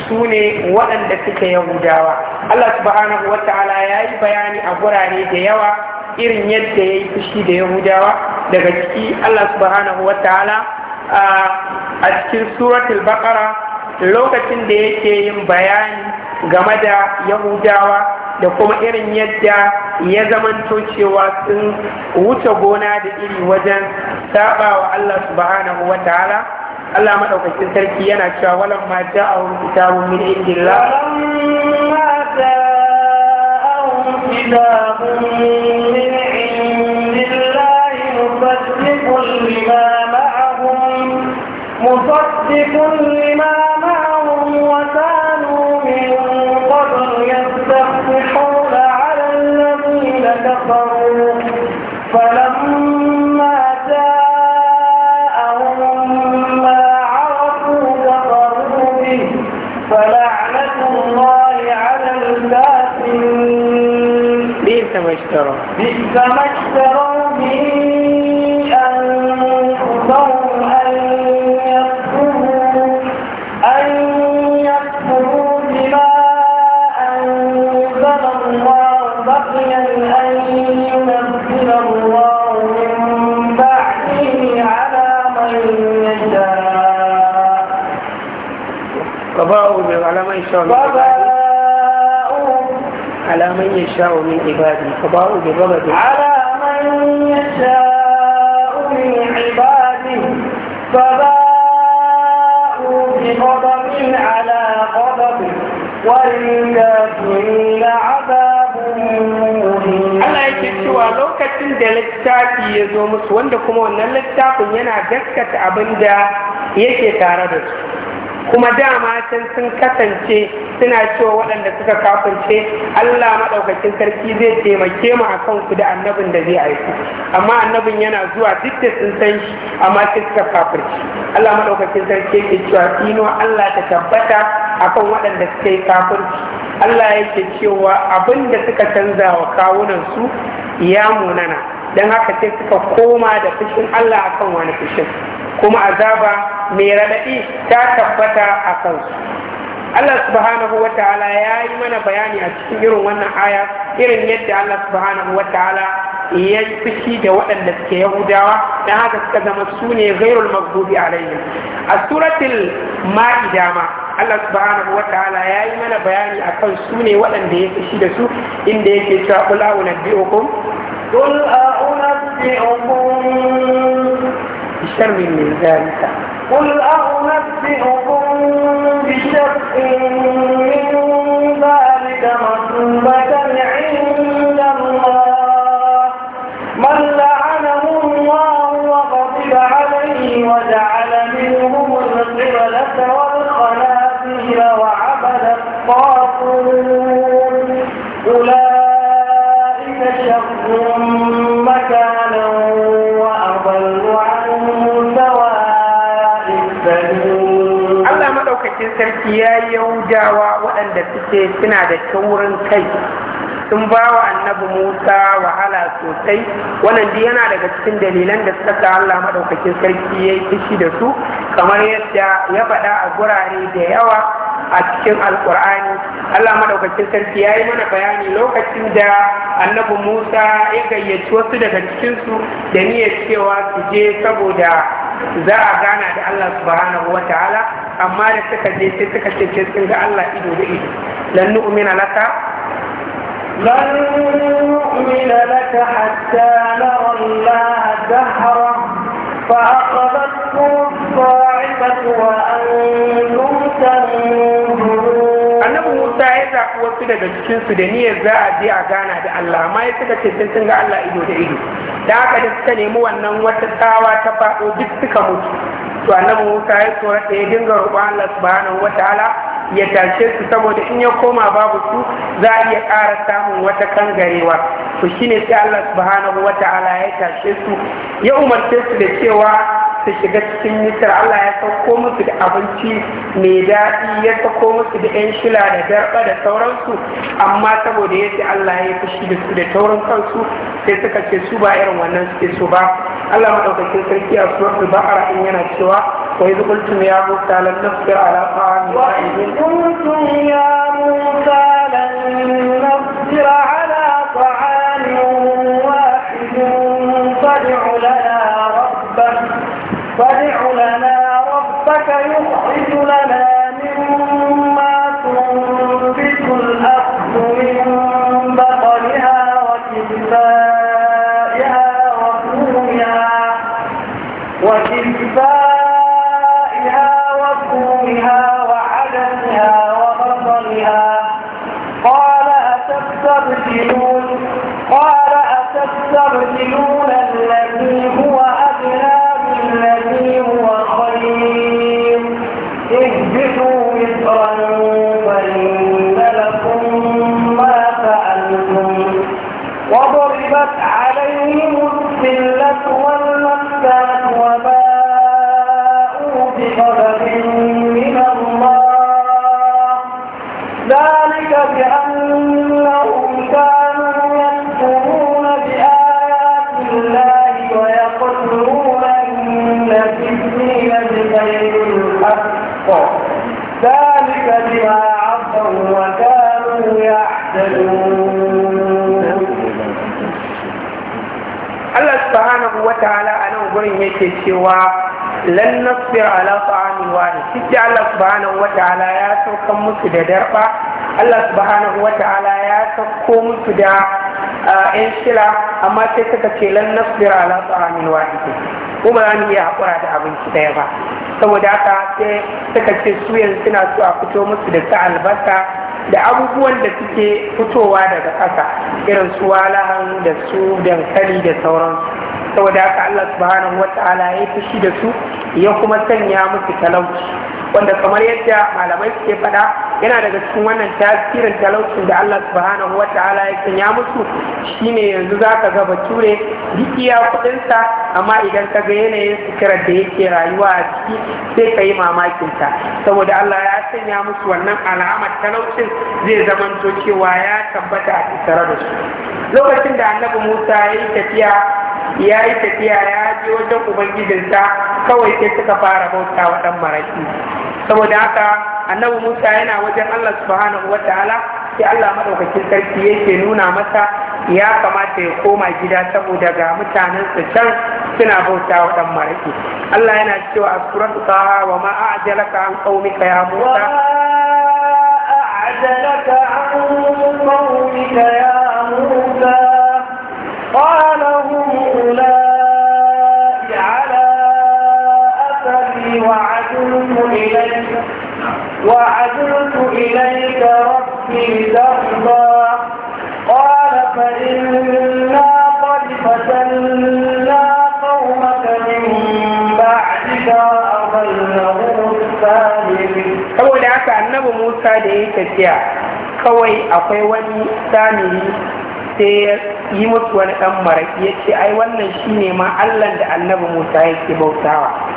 su ne waɗanda suke yahudawa Allah subhanahu wa ta'ala ya yi bayani a gurare da yawa irin yadda ya yi fushi da yahudawa daga ciki Allah subhanahu wa ta'ala a cikin suratul baqara lokacin da yake yin bayani game da yahudawa da kuma irin yadda ya zamanto cewa sun wuce gona da iri wajen saba wa Allah subhanahu wa ta'ala Allah maɗaukacin sarki yana cewa walan ma ja'ahum kitabun min indillah ma ja'ahum kitabun min indillah musaddiqun lima ma'ahum musaddiqun lima فما اشتروا به أنفسهم أن يكفروا أن يكفروا بما أنزل الله بغيا أن ينزل الله من بعده على من يشاء فباءوا على من يشاء من يشاء من عبادي فباءوا بغضب على من يشاء من عباده فباءوا بغضب على غضب وللكافرين عذاب Allah cewa lokacin da littafi ya zo musu wanda kuma wannan littafin yana gaskata abin da yake tare da su kuma dama can sun kasance suna cewa waɗanda suka kafance Allah maɗaukakin sarki zai taimake mu akan ku da annabin da zai aiki. amma annabin yana zuwa duk da sun san shi amma sai suka kafirci Allah maɗaukakin sarki yake cewa ino Allah ta tabbata akan waɗanda suka yi kafirci Allah yake cewa abin da suka canza wa kawunan su ya munana dan haka sai suka koma da fushin Allah akan wani fushin kuma azaba mai raɗaɗi ta tabbata a kansu Allah subhanahu wa ta'ala ya yi mana bayani a cikin irin wannan aya irin yadda Allah subhanahu wa ta'ala ya yi fushi da waɗanda suke yahudawa na haka suka zama su ne gairul magdubi alaihim a suratul ma'ida ma Allah subhanahu wa ta'ala ya yi mana bayani akan su ne waɗanda ya fushi da su inda yake cewa qul a'unabbi'ukum qul a'unabbi'ukum بشر من ذلك قل أغنبئكم بشر من ذلك مصوبة ƙuraishawa waɗanda suke suna da taurin kai sun ba wa annabi musa wahala sosai wannan duk yana daga cikin dalilan da suka sa allah maɗaukakin sarki ya yi fushi da su kamar yadda ya faɗa a gurare da yawa a cikin alkur'ani allah maɗaukakin sarki ya yi mana bayani lokacin da annabi musa ya gayyaci wasu daga cikinsu da niyyar cewa su je saboda za a gana da allah subhanahu wa ta'ala amma da suka je sai suka ce ce sun ga Allah ido da ido lan nu'mina laka lan nu'mina laka hatta nara Allah dahra fa aqadatkum sa'ibatu wa antum tanzurun annabi Musa ya zaɓi wasu daga cikin su da niyyar za a je a gana da Allah amma ya suka ce sun ga Allah ido da ido da aka da suka nemi wannan wata tsawa ta faɗo duk suka mutu to annabi Musa ya tsora ya dinga roƙon Allah subhanahu wataala ya tashe su saboda in ya koma babu su za a iya ƙara samun wata kangarewa to shine sai Allah subhanahu wataala ya tashe su ya umarce su da cewa su shiga cikin mitar Allah ya sauko musu da abinci mai daɗi ya sauko musu da 'yan shila da garba da sauransu amma saboda ce Allah ya fushi da su da taurin kansu sai suka ce su ba irin wannan suke so ba Allah maɗaukakin sarki a ba a in yana cewa wa idh qultum ya musa lan nasbir ala fa'a ni idh بغضب من الله ذلك بأنهم كانوا يكفرون بآيات الله ويقتلون النبيين بغير الحق ذلك بما عصوا وكانوا يعتدون الله سبحانه وتعالى أنا أقول لك lan nasbir ala ta'amin wahid shi Allah subhanahu wataala ya sauka musu da darba Allah subhanahu wataala ya sauko musu da inshila, amma sai suka ce lan nasbir ala ta'amin wahid ko ba za mu iya haƙura da abinci ɗaya ba saboda haka sai suka ce su yanzu suna so a fito musu da ta albasa da abubuwan da suke fitowa daga ƙasa irin su walahan da su dankali da sauransu saboda haka Allah subhanahu wataala ya fushi da su ya kuma sanya musu talauci wanda kamar yadda malamai suke faɗa yana daga cikin wannan tasirin talaucin da Allah subhanahu wa ta'ala ya sanya musu shine yanzu za ka ga bature duk iya kuɗinsa amma idan ka ga yanayin sukirar da yake rayuwa a ciki sai ka yi mamakin ta saboda Allah ya sanya musu wannan alamar talaucin zai zamanto cewa ya tabbata a tattare da su lokacin da annabi Musa ya yi tafiya ya yi tafiya ya je wajen ubangijinsa kawai yake suka fara bauta wa ɗan maraƙi saboda haka annabi musa yana wajen allah subhanahu ta'ala sai allah maɗaukakin sarki yake nuna masa ya kamata ya koma gida saboda ga mutanensa can suna bauta wa ɗan maraƙi allah yana cewa a suratu taha wa ma a'jalaka an ka ya musa a'jalaka an ya musa إليك وعدلت إليك ربي ترضى قال فإنا قد فتنا قومك من بعدك وأضلهم السامرين saboda haka annabi Musa da ya tafiya kawai akwai wani samiri sai ya yi musu wani ɗan maraƙi ya ce ai wannan shi ne ma Allah da annabi Musa yake bautawa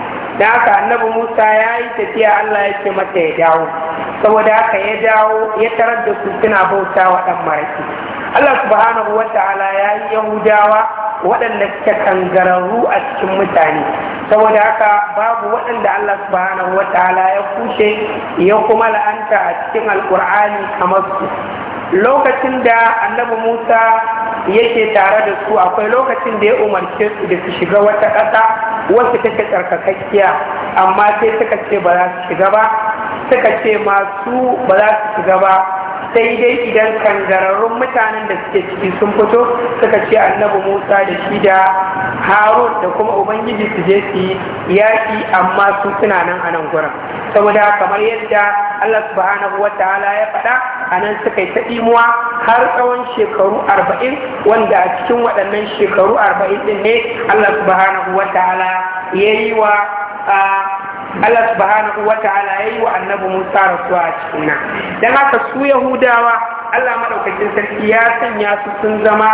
da haka annabi musa ya yi tafiya allah ya ce mata ya dawo saboda haka ya dawo ya tarar da su suna bauta wa ɗan maraki allah subhanahu wa ta'ala ya yi yahudawa waɗanda suka kangararru a cikin mutane saboda haka babu waɗanda allah subhanahu wa ta'ala ya kushe ya kuma la'anta a cikin alƙur'ani kamar su lokacin da annabi musa yake tare da su akwai lokacin da ya umarce su da su shiga wata ƙasa wasu take tsarkakakkiya amma sai suka ce ba za su shiga ba suka ce masu ba za su shiga ba sai dai idan kangararrun mutanen da suke ciki sun fito suka ce annabi musa da shi da harun da kuma ubangiji su je su yaki yaƙi amma su suna nan a nan gurin saboda kamar yadda allah subhanahu wa ta'ala ya faɗa a nan suka yi ta imuwa har tsawon shekaru arba'in wanda a cikin waɗannan shekaru arba'in ɗin ne allah subhanahu wa ta'ala ya yi wa Allah subhanahu wa ta'ala yayi wa annabi Musa rasuwa a cikin nan dan haka su Yahudawa Allah madaukakin sarki ya sanya su sun zama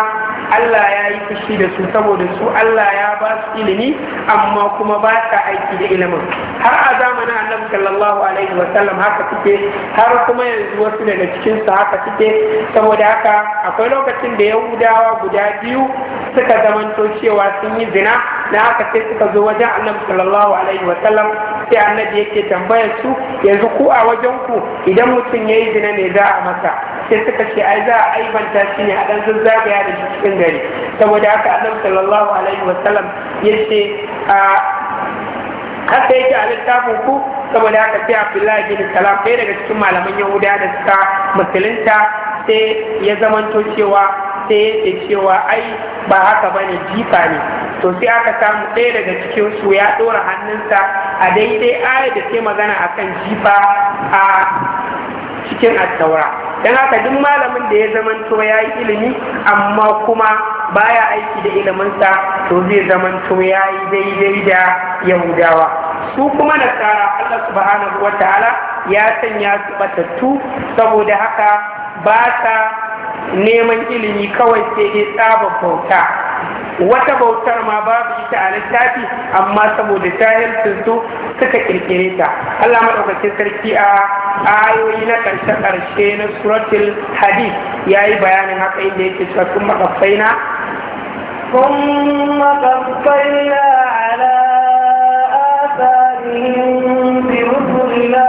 Allah ya yi fushi da su saboda su Allah ya ba su ilimi amma kuma ba ta aiki da ilimin har a zamanin annabi sallallahu alaihi wa sallam haka suke har kuma yanzu wasu daga cikin su haka suke saboda haka akwai lokacin da yahudawa guda biyu suka zamanto cewa sun yi zina na haka sai suka zo wajen annabi sallallahu alaihi wa sallam sai annabi yake tambayar su yanzu ku a wajen ku idan mutum yayi zina ne za a masa sai suka ce ai za a aibanta shi ne a ɗan zazzagaya da shi cikin gari saboda haka annabi sallallahu alaihi wasallam ya ce a haka yake a littafin ku saboda haka sai abdullahi bin salam ɗaya daga cikin malaman yahuda da suka musulunta sai ya zamanto cewa sai ya ce cewa ai ba haka ba ne jifa ne to sai aka samu ɗaya daga cikin su ya ɗora hannunsa a daidai ayar da ke magana akan jifa a cikin attaura don haka duk malamin da ya zamanto ya yi ilimi amma kuma baya aiki da iliminsa to zai zamanto ya yi daidai da yahudawa su kuma nasara allah subhanahu wa ta'ala ya sanya su batattu saboda haka ba sa neman ilimi kawai sai dai tsaba bauta wata bautar ma babu ita a littafi amma saboda jahilcin su suka kirkire ta Allah madaukakin sarki a ayoyi na karshe karshe na suratul hadith yayi bayanin haka inda yake cewa kun makafaina ثم قفينا على آثارهم برسلنا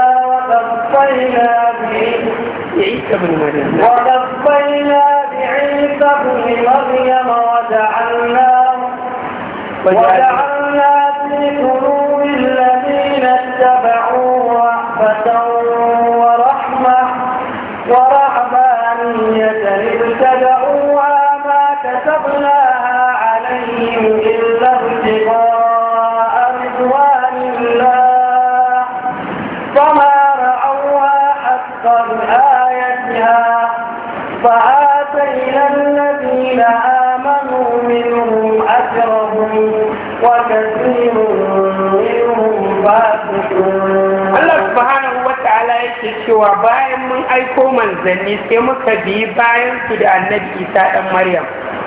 bin mariyam wa مريم bi عيسى ابن مريم وجعلناه وجعلناه allah منهم فاسقون ta'ala yake cewa bayan mun aiko manzanni sai muka biyi bayan su da annabi isa dan maryam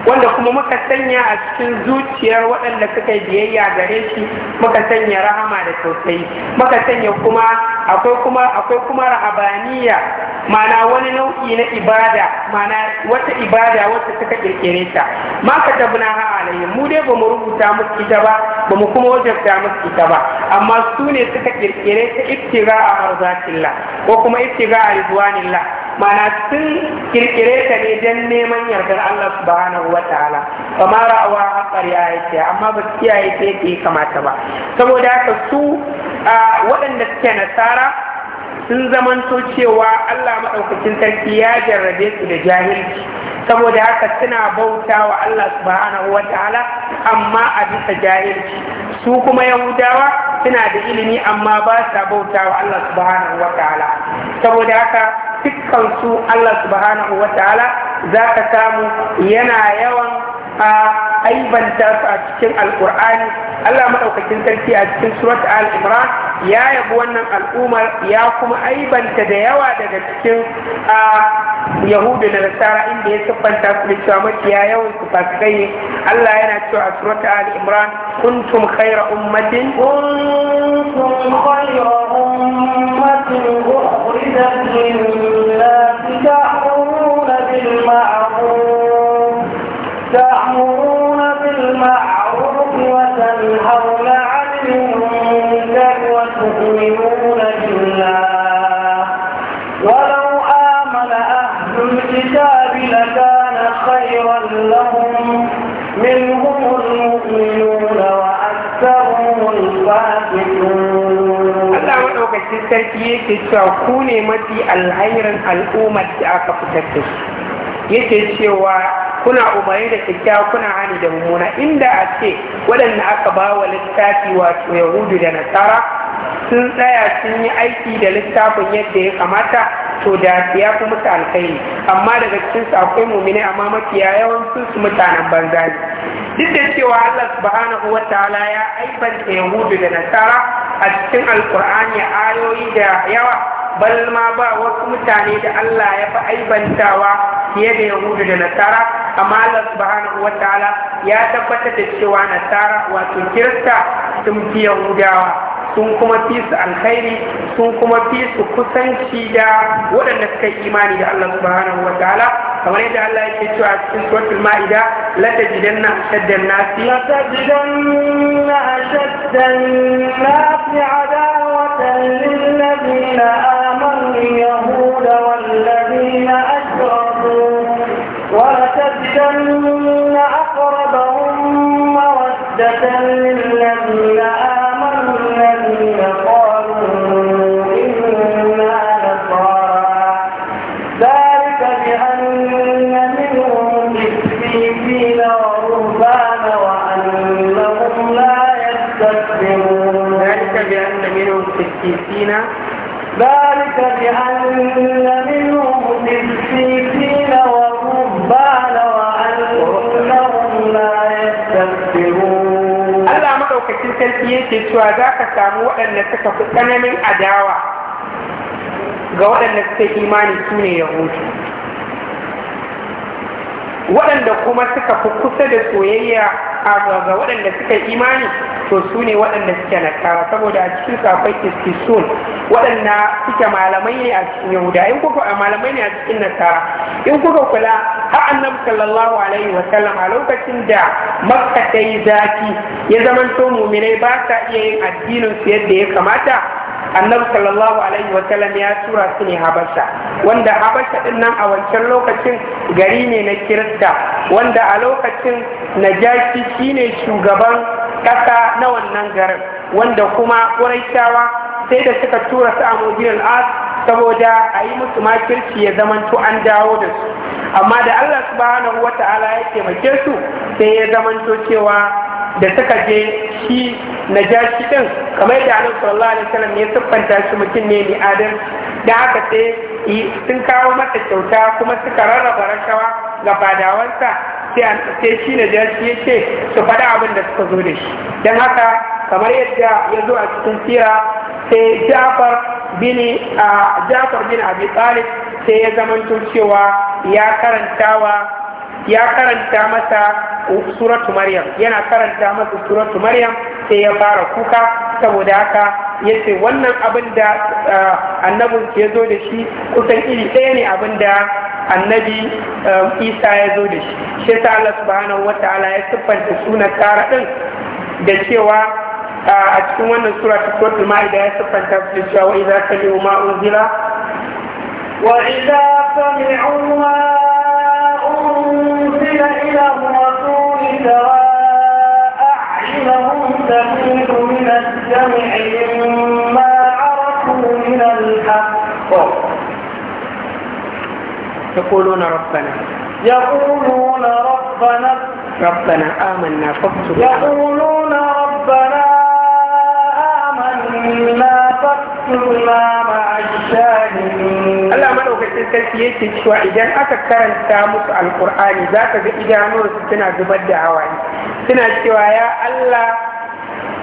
wanda kuma muka sanya a cikin zuciyar waɗanda suka biyayya gare shi muka sanya rahama da tausayi muka sanya kuma akwai kuma akwai kuma rahabaniya mana wani nau'i na ibada mana wata ibada wacce suka kirkire ta ma ka tabbana ha alayhi mu dai bamu rubuta musu ita ba bamu kuma wajabta musu ita ba amma su ne suka kirkire ta ibtiga a marzatillah ko kuma ibtiga a ridwanillah mana sun kirkire ta ne dan neman yardar Allah subhanahu wataala ta'ala ba haƙari ra'awa haƙar amma ba su kiyaye ta yake kamata ba saboda haka su waɗanda suke nasara sun zamanto cewa Allah maɗaukacin sarki ya jarrabe su da jahilci saboda haka suna bauta wa Allah subhanahu wa ta'ala amma a bisa jahilci su kuma yahudawa suna da ilimi amma ba sa bauta wa Allah subhanahu wa ta'ala saboda haka dukkan su Allah subhanahu wa ta'ala za ka samu yana yawan a aibanta su a cikin alkur'ani Allah maɗaukakin sarki a cikin surat al-imran ya yabi wannan al'ummar ya kuma aibanta da yawa daga cikin a yahudu da nasara inda ya siffanta su da cewa mafiya yawan su fasikai Allah yana cewa a surat al-imran kuntum khaira ummatin kuntum khaira ummatin ukhrijat lin-nasi sarki yake cewa ku ne mafi alhairin al'ummar da aka fitar da su yake cewa kuna umarni da kyakkyawa kuna hani da mummuna inda a ce waɗanda aka ba wa littafi wato yahudu da nasara sun tsaya sun yi aiki da littafin yadda ya kamata to da ya fi musu alkhairi amma daga cikin su akwai mu'mini amma mafiya sun su mutanen banza ne duk da cewa Allah subhanahu wataala ya da yahudu da nasara a cikin alkur'ani ayoyi da yawa bal ma ba wasu mutane da Allah ya fi aibantawa fiye da yahudu da nasara amma Allah subhanahu wataala ya tabbatar da cewa nasara wato kirista sun fi yahudawa sun kuma fi su alkhairi sun kuma fi su kusanci da waɗanda suka yi imani da Allah subhanahu wataala kamar yadda Allah yake cewa a cikin suratul ma'ida la tajidanna ashaddan nasi la tajidanna ashaddan nasi adawatan lil ladina amanu yahuda wal ladina ashraku wa la tajidanna aqrabahum mawaddatan lil yi yake cewa za ka samu waɗanda suka fi tsananin adawa ga waɗanda suka imani su ne yahudu waɗanda kuma suka fi kusa da soyayya a ga waɗanda suka imani to su ne waɗanda suke nasara saboda a cikin safa'i akwai iskisun waɗanda suke malamai ne a cikin yahuda in kuka malamai ne a cikin nasara in kuka kula annabi sallallahu alaihi wa sallam a lokacin da makka ta yi zaki ya zamanto muminai ba sa iya yin addinin su yadda ya kamata annabi sallallahu alaihi wa sallam ya tura su ne habasha wanda habasha din nan a wancan lokacin gari ne na kirista wanda a lokacin najashi shine shugaban kasa na wannan garin wanda kuma ƙuraishawa sai da suka tura su a mujin as. saboda a yi musu makirci ya zamanto an dawo da su amma da Allah subhanahu ta'ala ya taimake su sai ya zamanto cewa da suka je shi na jashi din kamar da annabi sallallahu alaihi wasallam ya siffanta shi mutum ne mai adam da haka sai sun kawo masa kyauta kuma suka rarraba rashawa ga fadawansa sai shi na jashi ya ce su faɗa abin da suka zo da shi don haka kamar yadda ya zo a cikin sira sai jafar a jafar bini abi talib sai ya zamanto cewa ya karantawa ya karanta masa suratu maryam yana karanta masa suratu maryam sai ya fara kuka saboda haka ya ce wannan abin da annabin ya zo da shi kusan iri ɗaya ne abin da annabi isa ya zo da shi shi ta Allah subhanahu wa ta'ala ya siffanta sunan tara ɗin da cewa a cikin wannan sura ta suratul ma'ida ya siffanta su cewa wa idza sami'u ma unzila wa idza sami'u ma unzila ila rasuli tara a'yunahum tafidu min ad-dam'i mimma arafu min al-haqq يقولون ربنا يقولون ربنا ربنا آمنا فاغفر يقولون ربنا Allah madaukakin sarki yake cewa idan aka karanta musu alkur'ani za ka ga idanuwarsu suna zubar da hawaye suna cewa ya Allah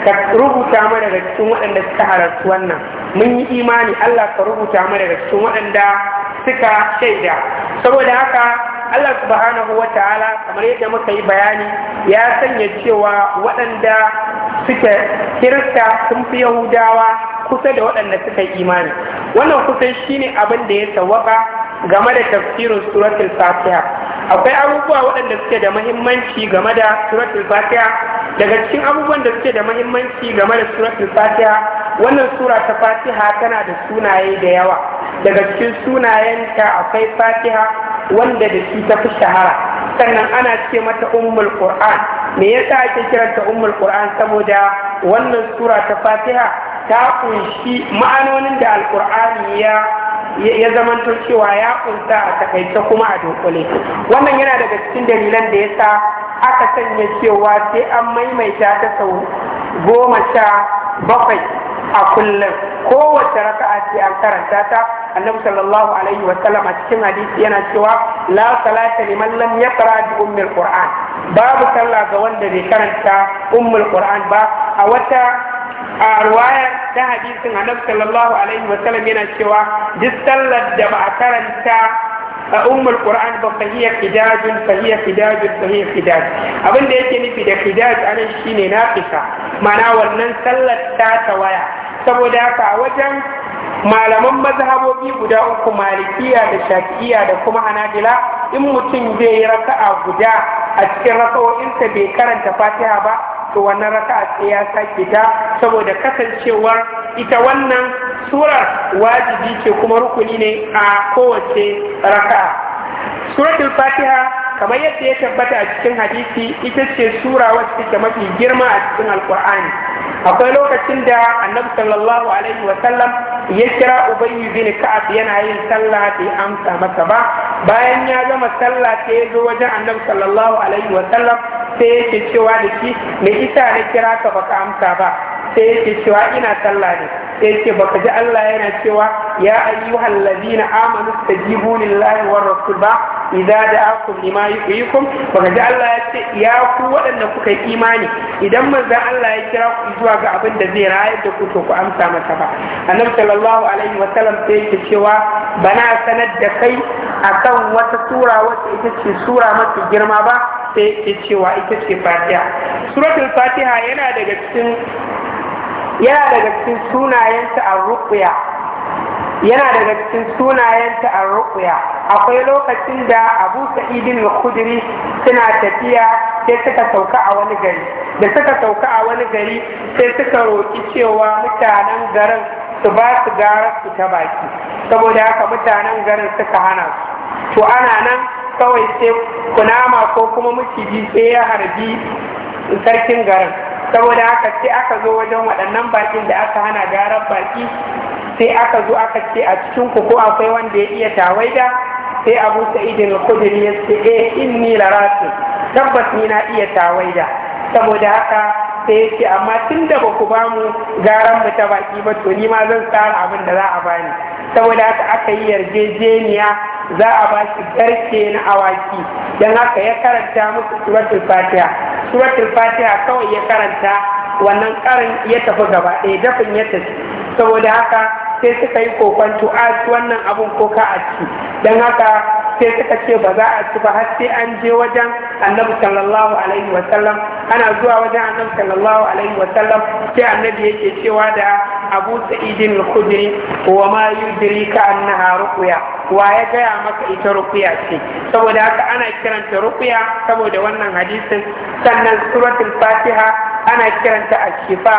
ka rubuta mana daga cikin waɗanda suka halarci wannan mun yi imani Allah ka rubuta mana daga cikin waɗanda suka shaida saboda haka Allah subhanahu wa ta'ala kamar yadda muka yi bayani ya sanya cewa waɗanda suke kirista sun fi yahudawa kusa da waɗanda suka yi imani wannan kusan shine abin da ya sawaka game da tafsirin suratul fatiha akwai abubuwa waɗanda suke da mahimmanci game da suratul fatiha daga cikin abubuwan da suke da mahimmanci game da suratul fatiha wannan sura ta fatiha tana da sunaye da yawa daga cikin sunayenta akwai fatiha wanda da shi ta fi shahara sannan ana ce mata ummul qur'an me yasa ake kiranta ummul qur'an saboda wannan sura ta fatiha ta kunshi ma'anonin da alqur'ani ya ya zamanto cewa ya kunsa a takaice kuma a dunkule wannan yana daga cikin dalilan da yasa aka sanya cewa sai an maimaita ta sau goma sha bakwai a kullum kowace raka'a ce an karanta ta annabi sallallahu alaihi wa sallam a cikin hadisi yana cewa la salata liman lam yaqra bi ummil qur'an babu sallah ga wanda bai karanta ummul qur'an ba a wata a ruwaya ta hadisin annabi sallallahu alaihi wa sallam yana cewa duk sallar da ba a karanta أم القرآن فهي خداج فهي خداج فهي خداج أبن da yake nufi da khidaj anan shine naqisa mana wannan sallar ta tawaya saboda haka wajen malaman mazhabobi guda uku malikiya da shafi'iya da kuma hanabila in mutum zai yi raka'a guda a cikin raka'o'insa bai karanta fatiha ba to wannan raka'a sai ya sake ta saboda kasancewar ita wannan surar wajibi ce kuma rukuni ne a kowace raka'a suratul fatiha kamar yadda ya tabbata a cikin hadisi ita ce sura wacce take mafi girma a cikin alkur'ani akwai lokacin da annabi sallallahu alaihi wa sallam ya kira ubayyu bin ka'ab yana yin sallah bai amsa masa ba bayan ya gama sallah sai ya zo wajen annabi sallallahu alaihi wa sallam sai yake cewa da shi me isa na kira ka baka amsa ba sai yake cewa ina sallah ne sai yake baka ji Allah yana cewa ya ayyuhal na amanu tajibu lillahi war rasul ba idza da'akum lima yuhyikum baka ji Allah ya ce ya ku waɗanda kuka yi imani idan manzon Allah ya kira ku zuwa ga abin da zai rayar da ku to ku amsa masa ba annabi sallallahu alaihi wa sallam sai yake cewa bana sanar da kai akan wata sura wacce ita ce sura mafi girma ba sai yake cewa ita ce fatiha suratul fatiha yana daga cikin yana daga cikin sunayenta a rukuya yana daga cikin sunayenta a rukuya akwai lokacin da abu sa'idin al kuduri suna tafiya sai suka sauka a wani gari da suka sauka a wani gari sai suka roƙi cewa mutanen garin su ba su gara su ta baki saboda haka mutanen garin suka hana su to ana nan kawai sai kunama ko kuma maciji sai ya harbi sarkin garin saboda haka sai aka zo wajen waɗannan bakin da aka hana garar baki sai aka zo aka ce a cikin ku ko akwai wanda ya iya tawaida sai abu sa'idin kudiri ya ce eh inni laratu tabbas ni na iya tawaida saboda haka sai ce, amma tun da ba ku ba mu garan mu ta baki ba to ni ma zan tsara abin da za a bani saboda haka aka yi yarjejeniya za a ba shi garke na awaki don haka ya karanta musu suratul fatiha suratul fatiha kawai ya karanta wannan karin ya tafi gaba ɗaya dafin ya tafi saboda haka sai suka yi kokon tu'as wannan abun ko ka a ci don haka sai suka ce ba za a ci ba har sai an je wajen annabi sallallahu alaihi wa sallam ana zuwa wajen annabi sallallahu alaihi wa sallam sai annabi yake cewa da abu sa'idin al-khudri wa ma yudrika annaha ruqya wa ya gaya maka ita ruqya ce saboda haka ana kiranta ruqya saboda wannan hadisin sannan suratul fatiha ana kiranta a shifa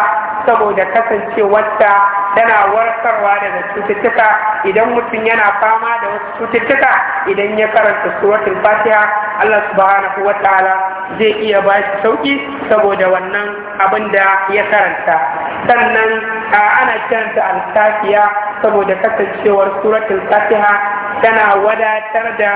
saboda kasancewarta tana warkarwa daga cututtuka idan mutum yana fama da wasu cututtuka idan ya karanta suratul fatiha Allah subhanahu wa ta'ala zai iya ba shi sauki saboda wannan abin da ya karanta sannan ana kiranta alkafiya saboda kasancewar suratul fatiha tana wadatar da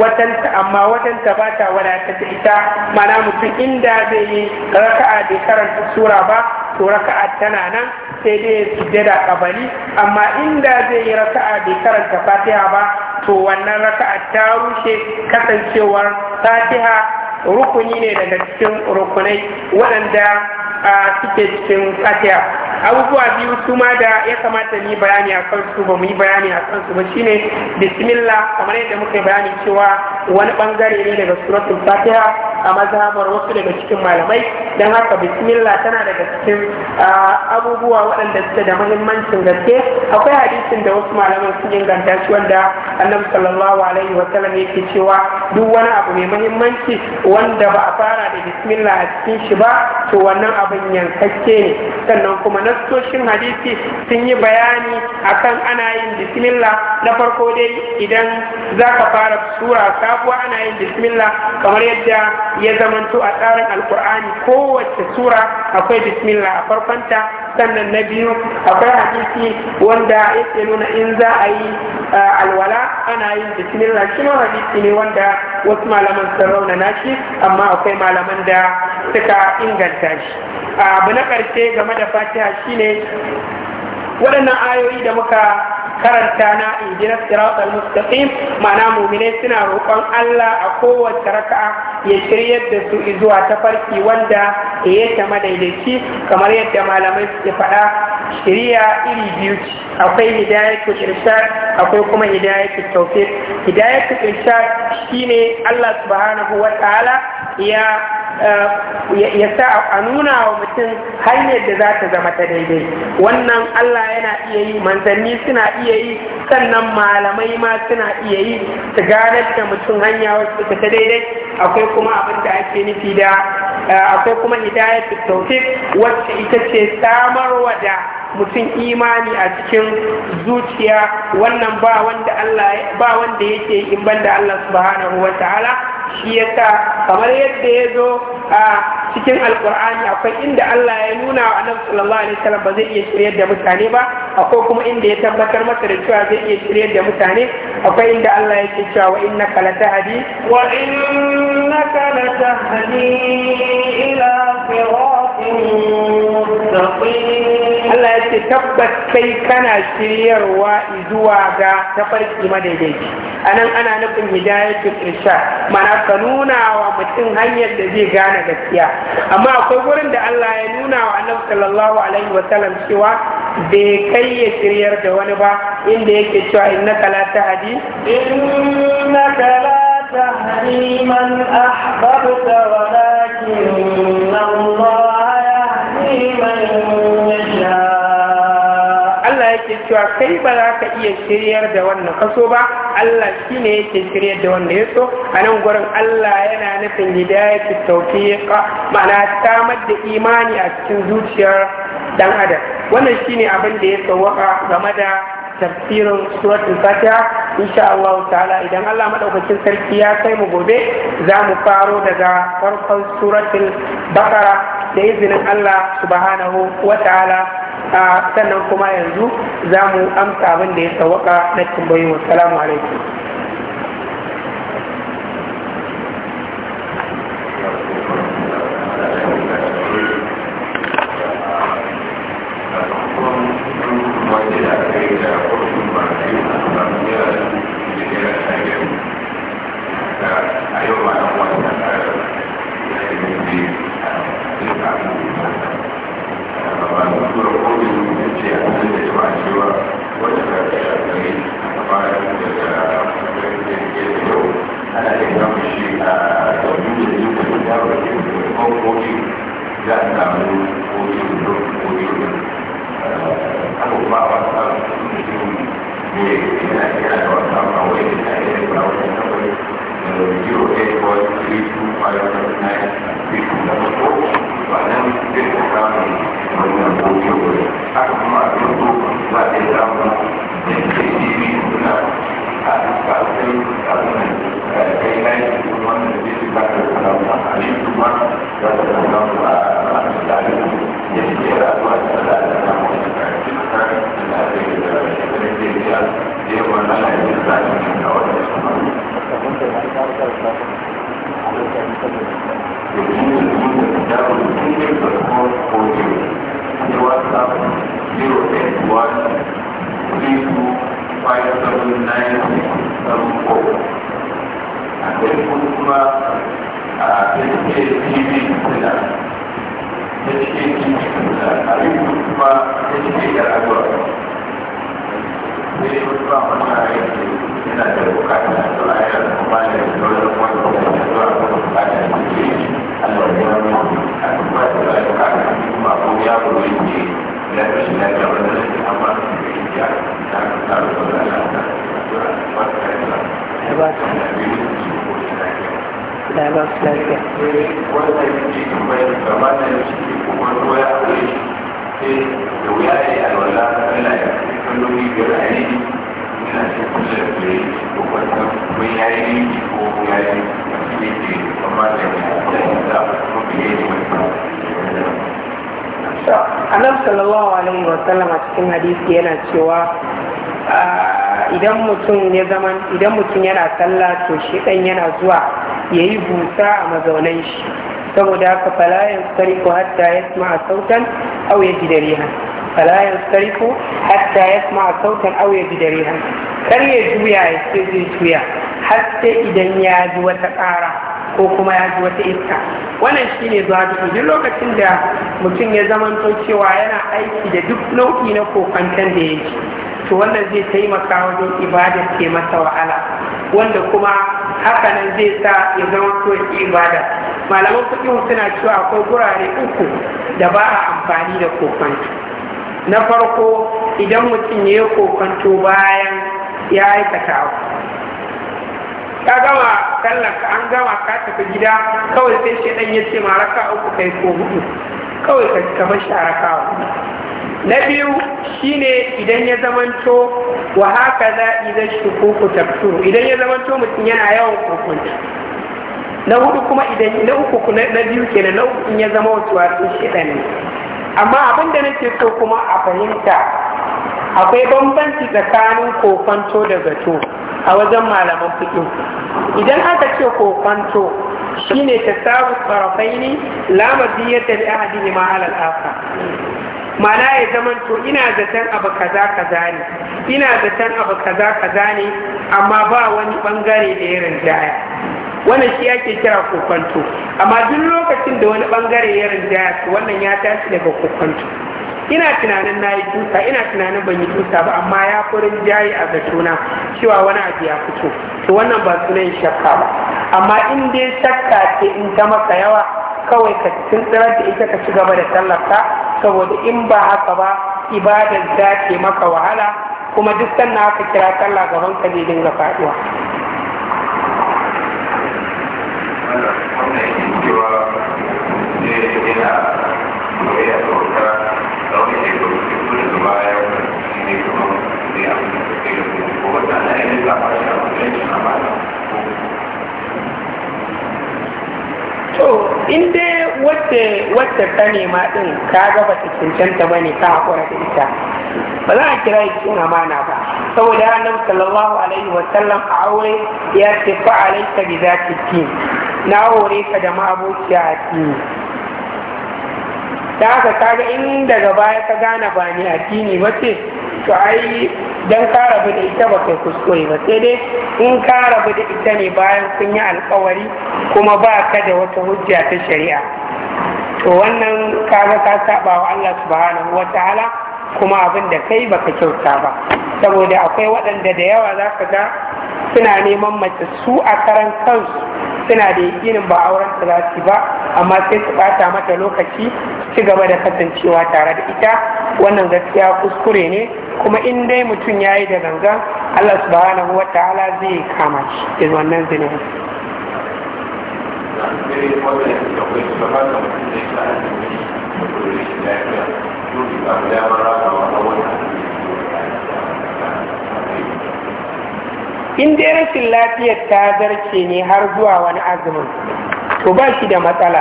watanta amma watanta ba ta wadata da ita mana mutum inda zai yi raka'a da karanta sura ba to raka'a tana nan sai dai ya sujjada kabali amma inda zai yi raka'a da karanta fatiha ba to wannan raka'a ta rushe kasancewar fatiha rukuni ne daga cikin rukunai waɗanda suke cikin fatiha abubuwa biyu su ma da ya kamata ni bayani a kansu ba mu yi bayani a kansu ba shine bismillah kamar yadda muka bayani cewa wani bangare ne daga suratul fatiha a mazhabar wasu daga cikin malamai don haka bismillah tana daga cikin abubuwa waɗanda suke da muhimmancin gaske akwai hadisin da wasu malaman sun inganta shi wanda annabi sallallahu alaihi wa sallam yake cewa duk wani abu mai muhimmanci wanda ba a fara da bismillah a cikin shi ba to wannan abin yankakke ne sannan kuma nassoshin hadisi sun yi bayani akan ana yin bismillah na farko dai idan za ka fara sura sabuwa ana yin bismillah kamar yadda ya zamanto a tsarin alkur'ani kowace sura akwai bismillah a farkonta sannan na biyu akwai hadisi wanda yake nuna in za a yi alwala ana yin bismillah shi ma hadisi ne wanda wasu malaman sun raunana shi amma akwai malaman da suka inganta shi abu na ƙarshe game da fatiha shine waɗannan ayoyi da muka karanta na ihdina siratal mustaqim ma'ana mu'minai suna roƙon Allah a kowace raka'a ya shiryar da su zuwa tafarki wanda ya ta madaidaici kamar yadda malamai suke faɗa shiriya iri biyu akwai hidayatul irshad akwai kuma hidayatul tawfiq hidayatul irshad shine Allah subhanahu wa ta'ala Eh, ya sa a nuna wa mutum hanyar da za ta zama ta daidai wannan Allah yana iya yi manzanni suna iya yi sannan malamai ma suna iya yi su ganar da mutum hanya wasu ta daidai akwai kuma abin da ake nufi da eh, akwai kuma hidayat tawfiq wacce ita ce samarwa da mutum imani a cikin zuciya wannan ba wanda Allah ba wanda yake in banda Allah subhanahu wa ta'ala shi sa kamar yadda ya zo a cikin alkur'ani akwai inda Allah ya nuna wa annabi sallallahu alaihi wasallam ba zai iya shiryar da mutane ba akwai kuma inda ya tabbatar masa da cewa zai iya shiryar da mutane akwai inda Allah ya ce cewa wa innaka latahdi wa innaka latahdi ila siratin mustaqim ce tabbas kai kana shiryarwa zuwa ga tafarki madaidaici a nan ana nufin hidayatul irshad mana ka nuna wa mutum hanyar da zai gane gaskiya amma akwai gurin da Allah ya nuna wa annabi sallallahu alaihi wa sallam cewa bai kai ya shiryar da wani ba inda yake cewa innaka la tahdi innaka la tahdi man ahbabta wa cewa kai ba za ka iya shiryar da wannan kaso ba Allah shi ne yake shiryar da wanda ya so a nan gurin Allah yana nufin hidayatu ka ma'ana samar da imani a cikin zuciyar dan adam wannan shi ne abin da ya sauwaka game da tafsirin suratul fatiha insha Allah ta'ala idan Allah madaukakin sarki ya kai mu gobe za mu faro daga farkon suratul baqara da izinin Allah subhanahu wa ta'ala sannan kuma yanzu za mu amsa abin da ya sawaka na tambayoyi salamu alaikum cikin hadisi yana cewa ah, idan mutum yana sallah to shi dan yana zuwa ya yi busa a mazaunan shi saboda haka fala yansariku hatta yasma'a sautan aw yajida rihan fala yansariku hatta yasma'a sautan aw yajida rihan kar ya juya ya ce zai juya har sai idan ya ji wata ƙara ko kuma ya ji wata iska wannan shine zaɓi duk lokacin da mutum ya zamanto cewa yana aiki da duk nau'i na kokantan da ya ji to wannan zai taimaka wajen ibada ke masa wahala wanda kuma hakanan zai sa ya zama to ibada malaman kuɗi suna cewa akwai gurare uku da ba a amfani da kokanto na farko idan mutum ya yi kokanto bayan ya aikata ka gama sallar ka an gama ka tafi gida kawai sai shi dan yace ma raka uku kai ko hudu kawai ka kama shi raka na biyu shine idan ya zamanto wa haka za idan shukuku turu idan ya zamanto mutum yana yawan kokunta na hudu kuma idan na uku na biyu kenan na uku in ya zama wasu wasu shida ne amma abin da nake so kuma a fahimta akwai bambanci tsakanin kokonto da zato a wajen malaman fiƙi idan aka ce kokwanto shine ta sabu tsarafai ne lamadi yadda da ahadi ma alal afa mana ya zama to ina zaton abu kaza kaza ne ina zaton abu kaza kaza ne amma ba wani bangare da ya rinjaya wannan shi ake kira kokwanto amma duk lokacin da wani bangare ya rinjaya wannan ya tashi daga kokwanto ina tunanin na yi tusa ina tunanin ban yi tusa ba amma ya furin jayi a gatuna cewa wani abu ya fito to wannan ba sunan shakka ba amma in dai shakka ce in ta maka yawa kawai ka cikin tsirar da ita ka ci gaba da tallafa saboda in ba haka ba ibadar za ke maka wahala kuma duk sannan aka kira talla gaban ka zai dinga faduwa to in dai wacce wacce ta nema din ka ga ba ta cancanta ba ne ka haƙura da ita ba za a kira yi cikin amana ba saboda ya nan sallallahu alaihi wa sallam a aure ya ce fa alaika bi zati tin na aure ka da ma'abociya a tini ta haka kaga in daga baya ka gane ba ni a ne ba ce to ai dan ka rabu da ita ba kai kuskure ba sai dai in ka rabu da ita ne bayan sun yi alkawari kuma ba ka da wata hujja ta shari'a to wannan ka kaga ka saba wa Allah subhanahu wataala kuma abin da kai baka kyauta ba saboda akwai waɗanda da yawa za ka ga suna neman mace su a karan kansu suna da yakinin ba auren su za su ba amma sai su bata mata lokaci ci gaba da kasancewa tare da ita wannan gaskiya kuskure ne kuma in dai mutum ya yi da gangan Allah subhanahu wa ta'ala zai kama shi da wannan zinabi Thank you. in dai rashin lafiyar ta zarce ne har zuwa wani azumin to ba shi da matsala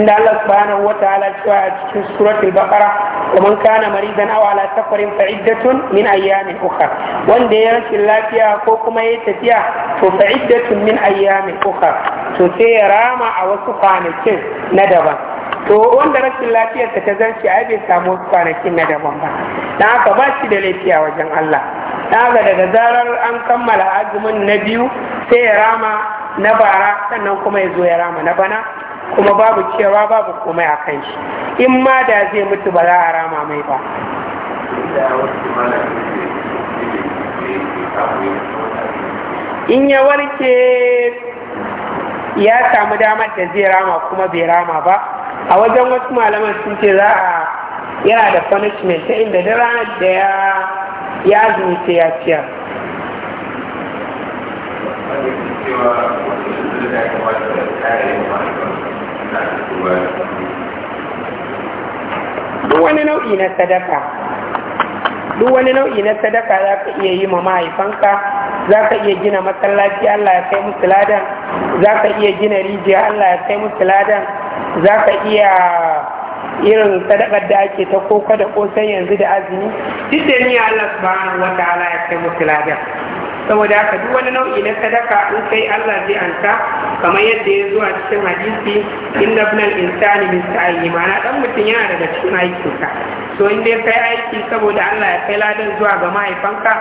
inda Allah subhanahu wa ta'ala cewa a cikin suratul baqara kuma kana maridan aw ala safarin fa iddatun min ayyamin ukhra wanda ya rashin lafiya ko kuma ya tafiya to fa iddatun min ayyamin ukhra to sai ya rama a wasu kwanakin na daban to wanda rashin lafiyar ta zarce ai bai samu kwanakin na daban ba dan haka ba shi da laifiya wajen Allah daga daga zarar an kammala azumin na biyu sai ya rama na bara sannan kuma ya zo ya rama na bana kuma babu cewa babu komai a kan shi in ma da zai mutu ba za a rama mai ba in ya warke ya samu damar da zai rama kuma bai rama ba a wajen wasu malaman sun ce za a yana da punishment ta inda da ranar da ya ya azumi sai ya ciya duk wani nau'i na sadaka duk wani nau'i na sadaka za ka iya yi ma mahaifanka za ka iya gina masallaci Allah ya kai musu ladan za ka iya gina rijiya Allah ya kai musu ladan za ka iya irin sadakar da ake ta koko da kosan yanzu da azumi duk da ni Allah subhanahu wa ta'ala ya kai musu ladan saboda haka duk wani nau'i na sadaka in kai Allah zai anta kamar yadda ya zo a cikin hadisi inna bunal insani min sa'i ma'ana dan mutum yana daga cikin aikinsa to in dai kai aiki saboda Allah ya kai ladan zuwa ga mahaifanka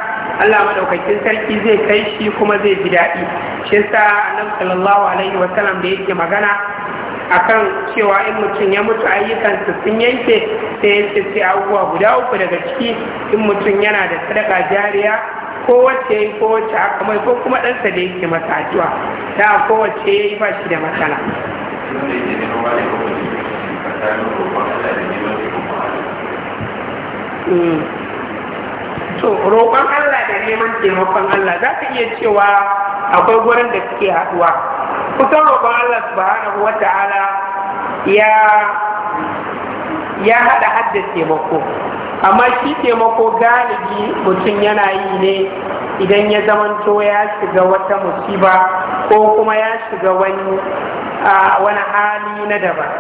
Allah madaukakin sarki zai kai shi kuma zai bi daɗi shi sa annabi sallallahu alaihi wa sallam da yake magana akan cewa in mutum ya mutu ayyukansa sun yanke sai ya ce abubuwa guda uku daga ciki in mutum yana da sadaka jariya ko wacce ya yi ko wacce aka mai ko kuma ɗansa da yake masa addu'a da ko wacce ya yi ba shi da matsala. Mm. to roƙon Allah da neman taimakon Allah za ta iya cewa akwai gurin da suke haɗuwa kusan roƙon Allah subhanahu wa ta'ala ya ya haɗa hadda taimako amma shi taimako galibi mutum yana yi ne idan ya zamanto ya shiga wata musiba ko kuma ya shiga wani wani hali na daban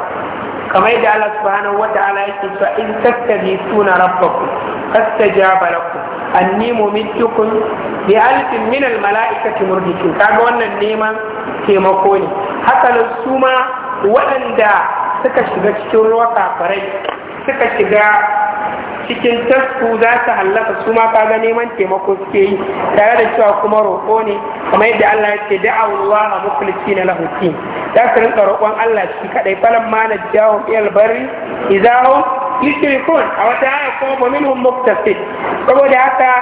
kamar yadda Allah subhanahu wa ta'ala yake cewa in tastajibuna rabbakum fastajaba lakum anni mumiddukum bi alfin min al mala'ikati murdikin kaga wannan neman taimako ne hakanan su ma waɗanda suka shiga cikin ruwa kafarai suka shiga cikin tasku za ta hallaka su ma kaga neman taimako suke yi tare da cewa kuma roƙo ne kamar yadda Allah ya ce da'a Allah mukhlisina lahu din za su rinka roƙon Allah shi kaɗai falan ma na jawo iyal bari izahun yushrikun a wata haya kuma ba min hun saboda haka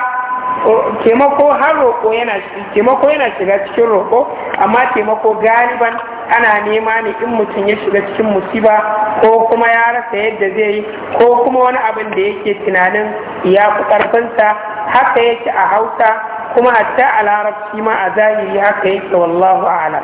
taimako har roƙo yana taimako yana shiga cikin roƙo amma taimako galiban ana nema ne in mutum ya shiga cikin musiba ko kuma ya rasa yadda zai yi ko kuma wani abin da yake tunanin ya fi ƙarfinsa haka yake a hausa kuma hatta a larabci ma a zahiri haka yake wallahu a'lam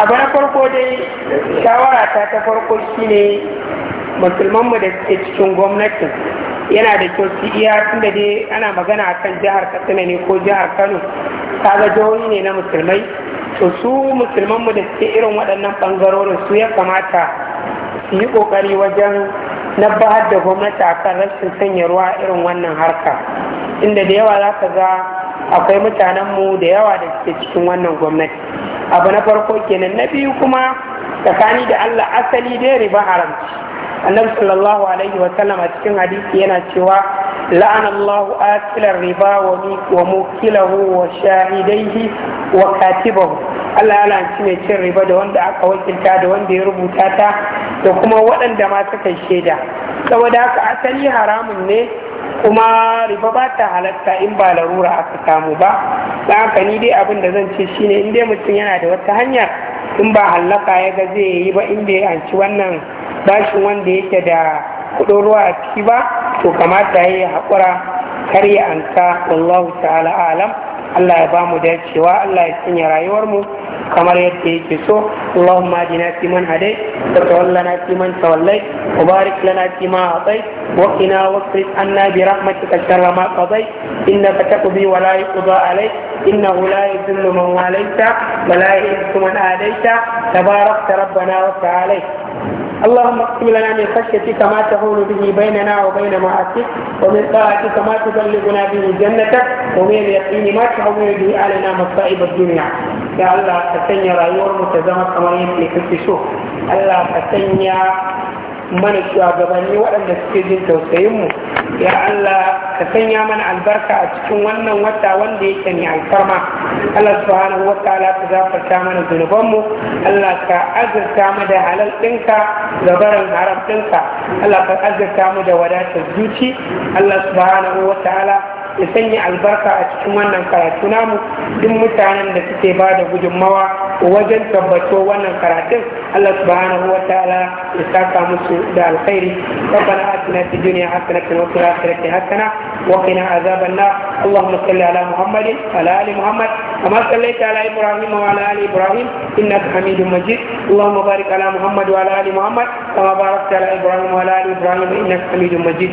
abu na farko dai shawara ta ta farko shine musulmanmu da cikin gwamnatin yana da kyau su iya tunda dai ana magana akan jihar katsina ne ko jihar kano ga jihohi ne na musulmai to su musulman mu da suke irin waɗannan ɓangarorin su ya kamata su yi ƙoƙari wajen na bahar da gwamnati akan rashin sanya ruwa irin wannan harka inda da yawa za ka ga akwai mutanenmu da yawa da suke cikin wannan gwamnati abu na farko kenan na biyu kuma tsakani da allah asali dai riba haramci annabi sallallahu alaihi wa sallam a cikin hadisi yana cewa la'anallahu Allah akilar riba wa mukilahu wa shahidaihi wa katibahu Allah ya lanci mai cin riba da wanda aka wakilta da wanda ya rubuta ta da kuma waɗanda ma suka shaida saboda haka asali haramun ne kuma riba ba ta halatta in ba larura aka samu ba da haka ni dai abin da zan ce shine in dai mutum yana da wata hanya in ba hallaka ya ga zai yi ba in inda ya anci wannan bashin wanda yake da kudin ruwa a ciki ba to kamata ya haƙura kar ya ansa wallahu ta'ala alam Allah ya ba bamu dacewa Allah ya sanya rayuwarmu kamar yadda yake so Allahumma adina fi man hadai wa tawallana fi man tawallai wa barik lana fi ma atai wa qina wasrif anna bi rahmatika sharra ma qadai innaka taqdi wa la yuqda alai innahu la yudhillu man walaita wa la yu'izzu man adaita tabarakta rabbana wa ta'ala اللهم اقسم لنا من خشيتك ما تهون به بيننا وبين معاصيك ومن طاعتك ما تبلغنا به جنتك ومن اليقين ما تهون به علينا مصائب الدنيا يا الله ka رايور متزمت امرين في كل kamar الله kake mana shugabanni waɗanda suke jin tausayinmu ya Allah ka sanya mana albarka a cikin wannan wata wanda yake ni alfarma Allah subhanahu wa ta'ala ka zafarta mana zunubanmu Allah ka azurta mu da halal ɗinka da barin haram ɗinka Allah ka azurta mu da wadatar zuci Allah subhanahu wa ta'ala ya sanya albarka a cikin wannan karatu namu duk mutanen da suke ba da gudunmawa wajen tabbato wannan karatun Allah subhanahu wa ta'ala ya saka musu da alkhairi rabbana atina fid dunya hasanatan wa fil akhirati hasana wa qina azaban nar اللهم صل على محمد وعلى ال محمد كما صليت على ابراهيم وعلى ال ابراهيم انك حميد مجيد اللهم بارك على محمد وعلى ال محمد كما باركت على ابراهيم وعلى ال ابراهيم انك حميد مجيد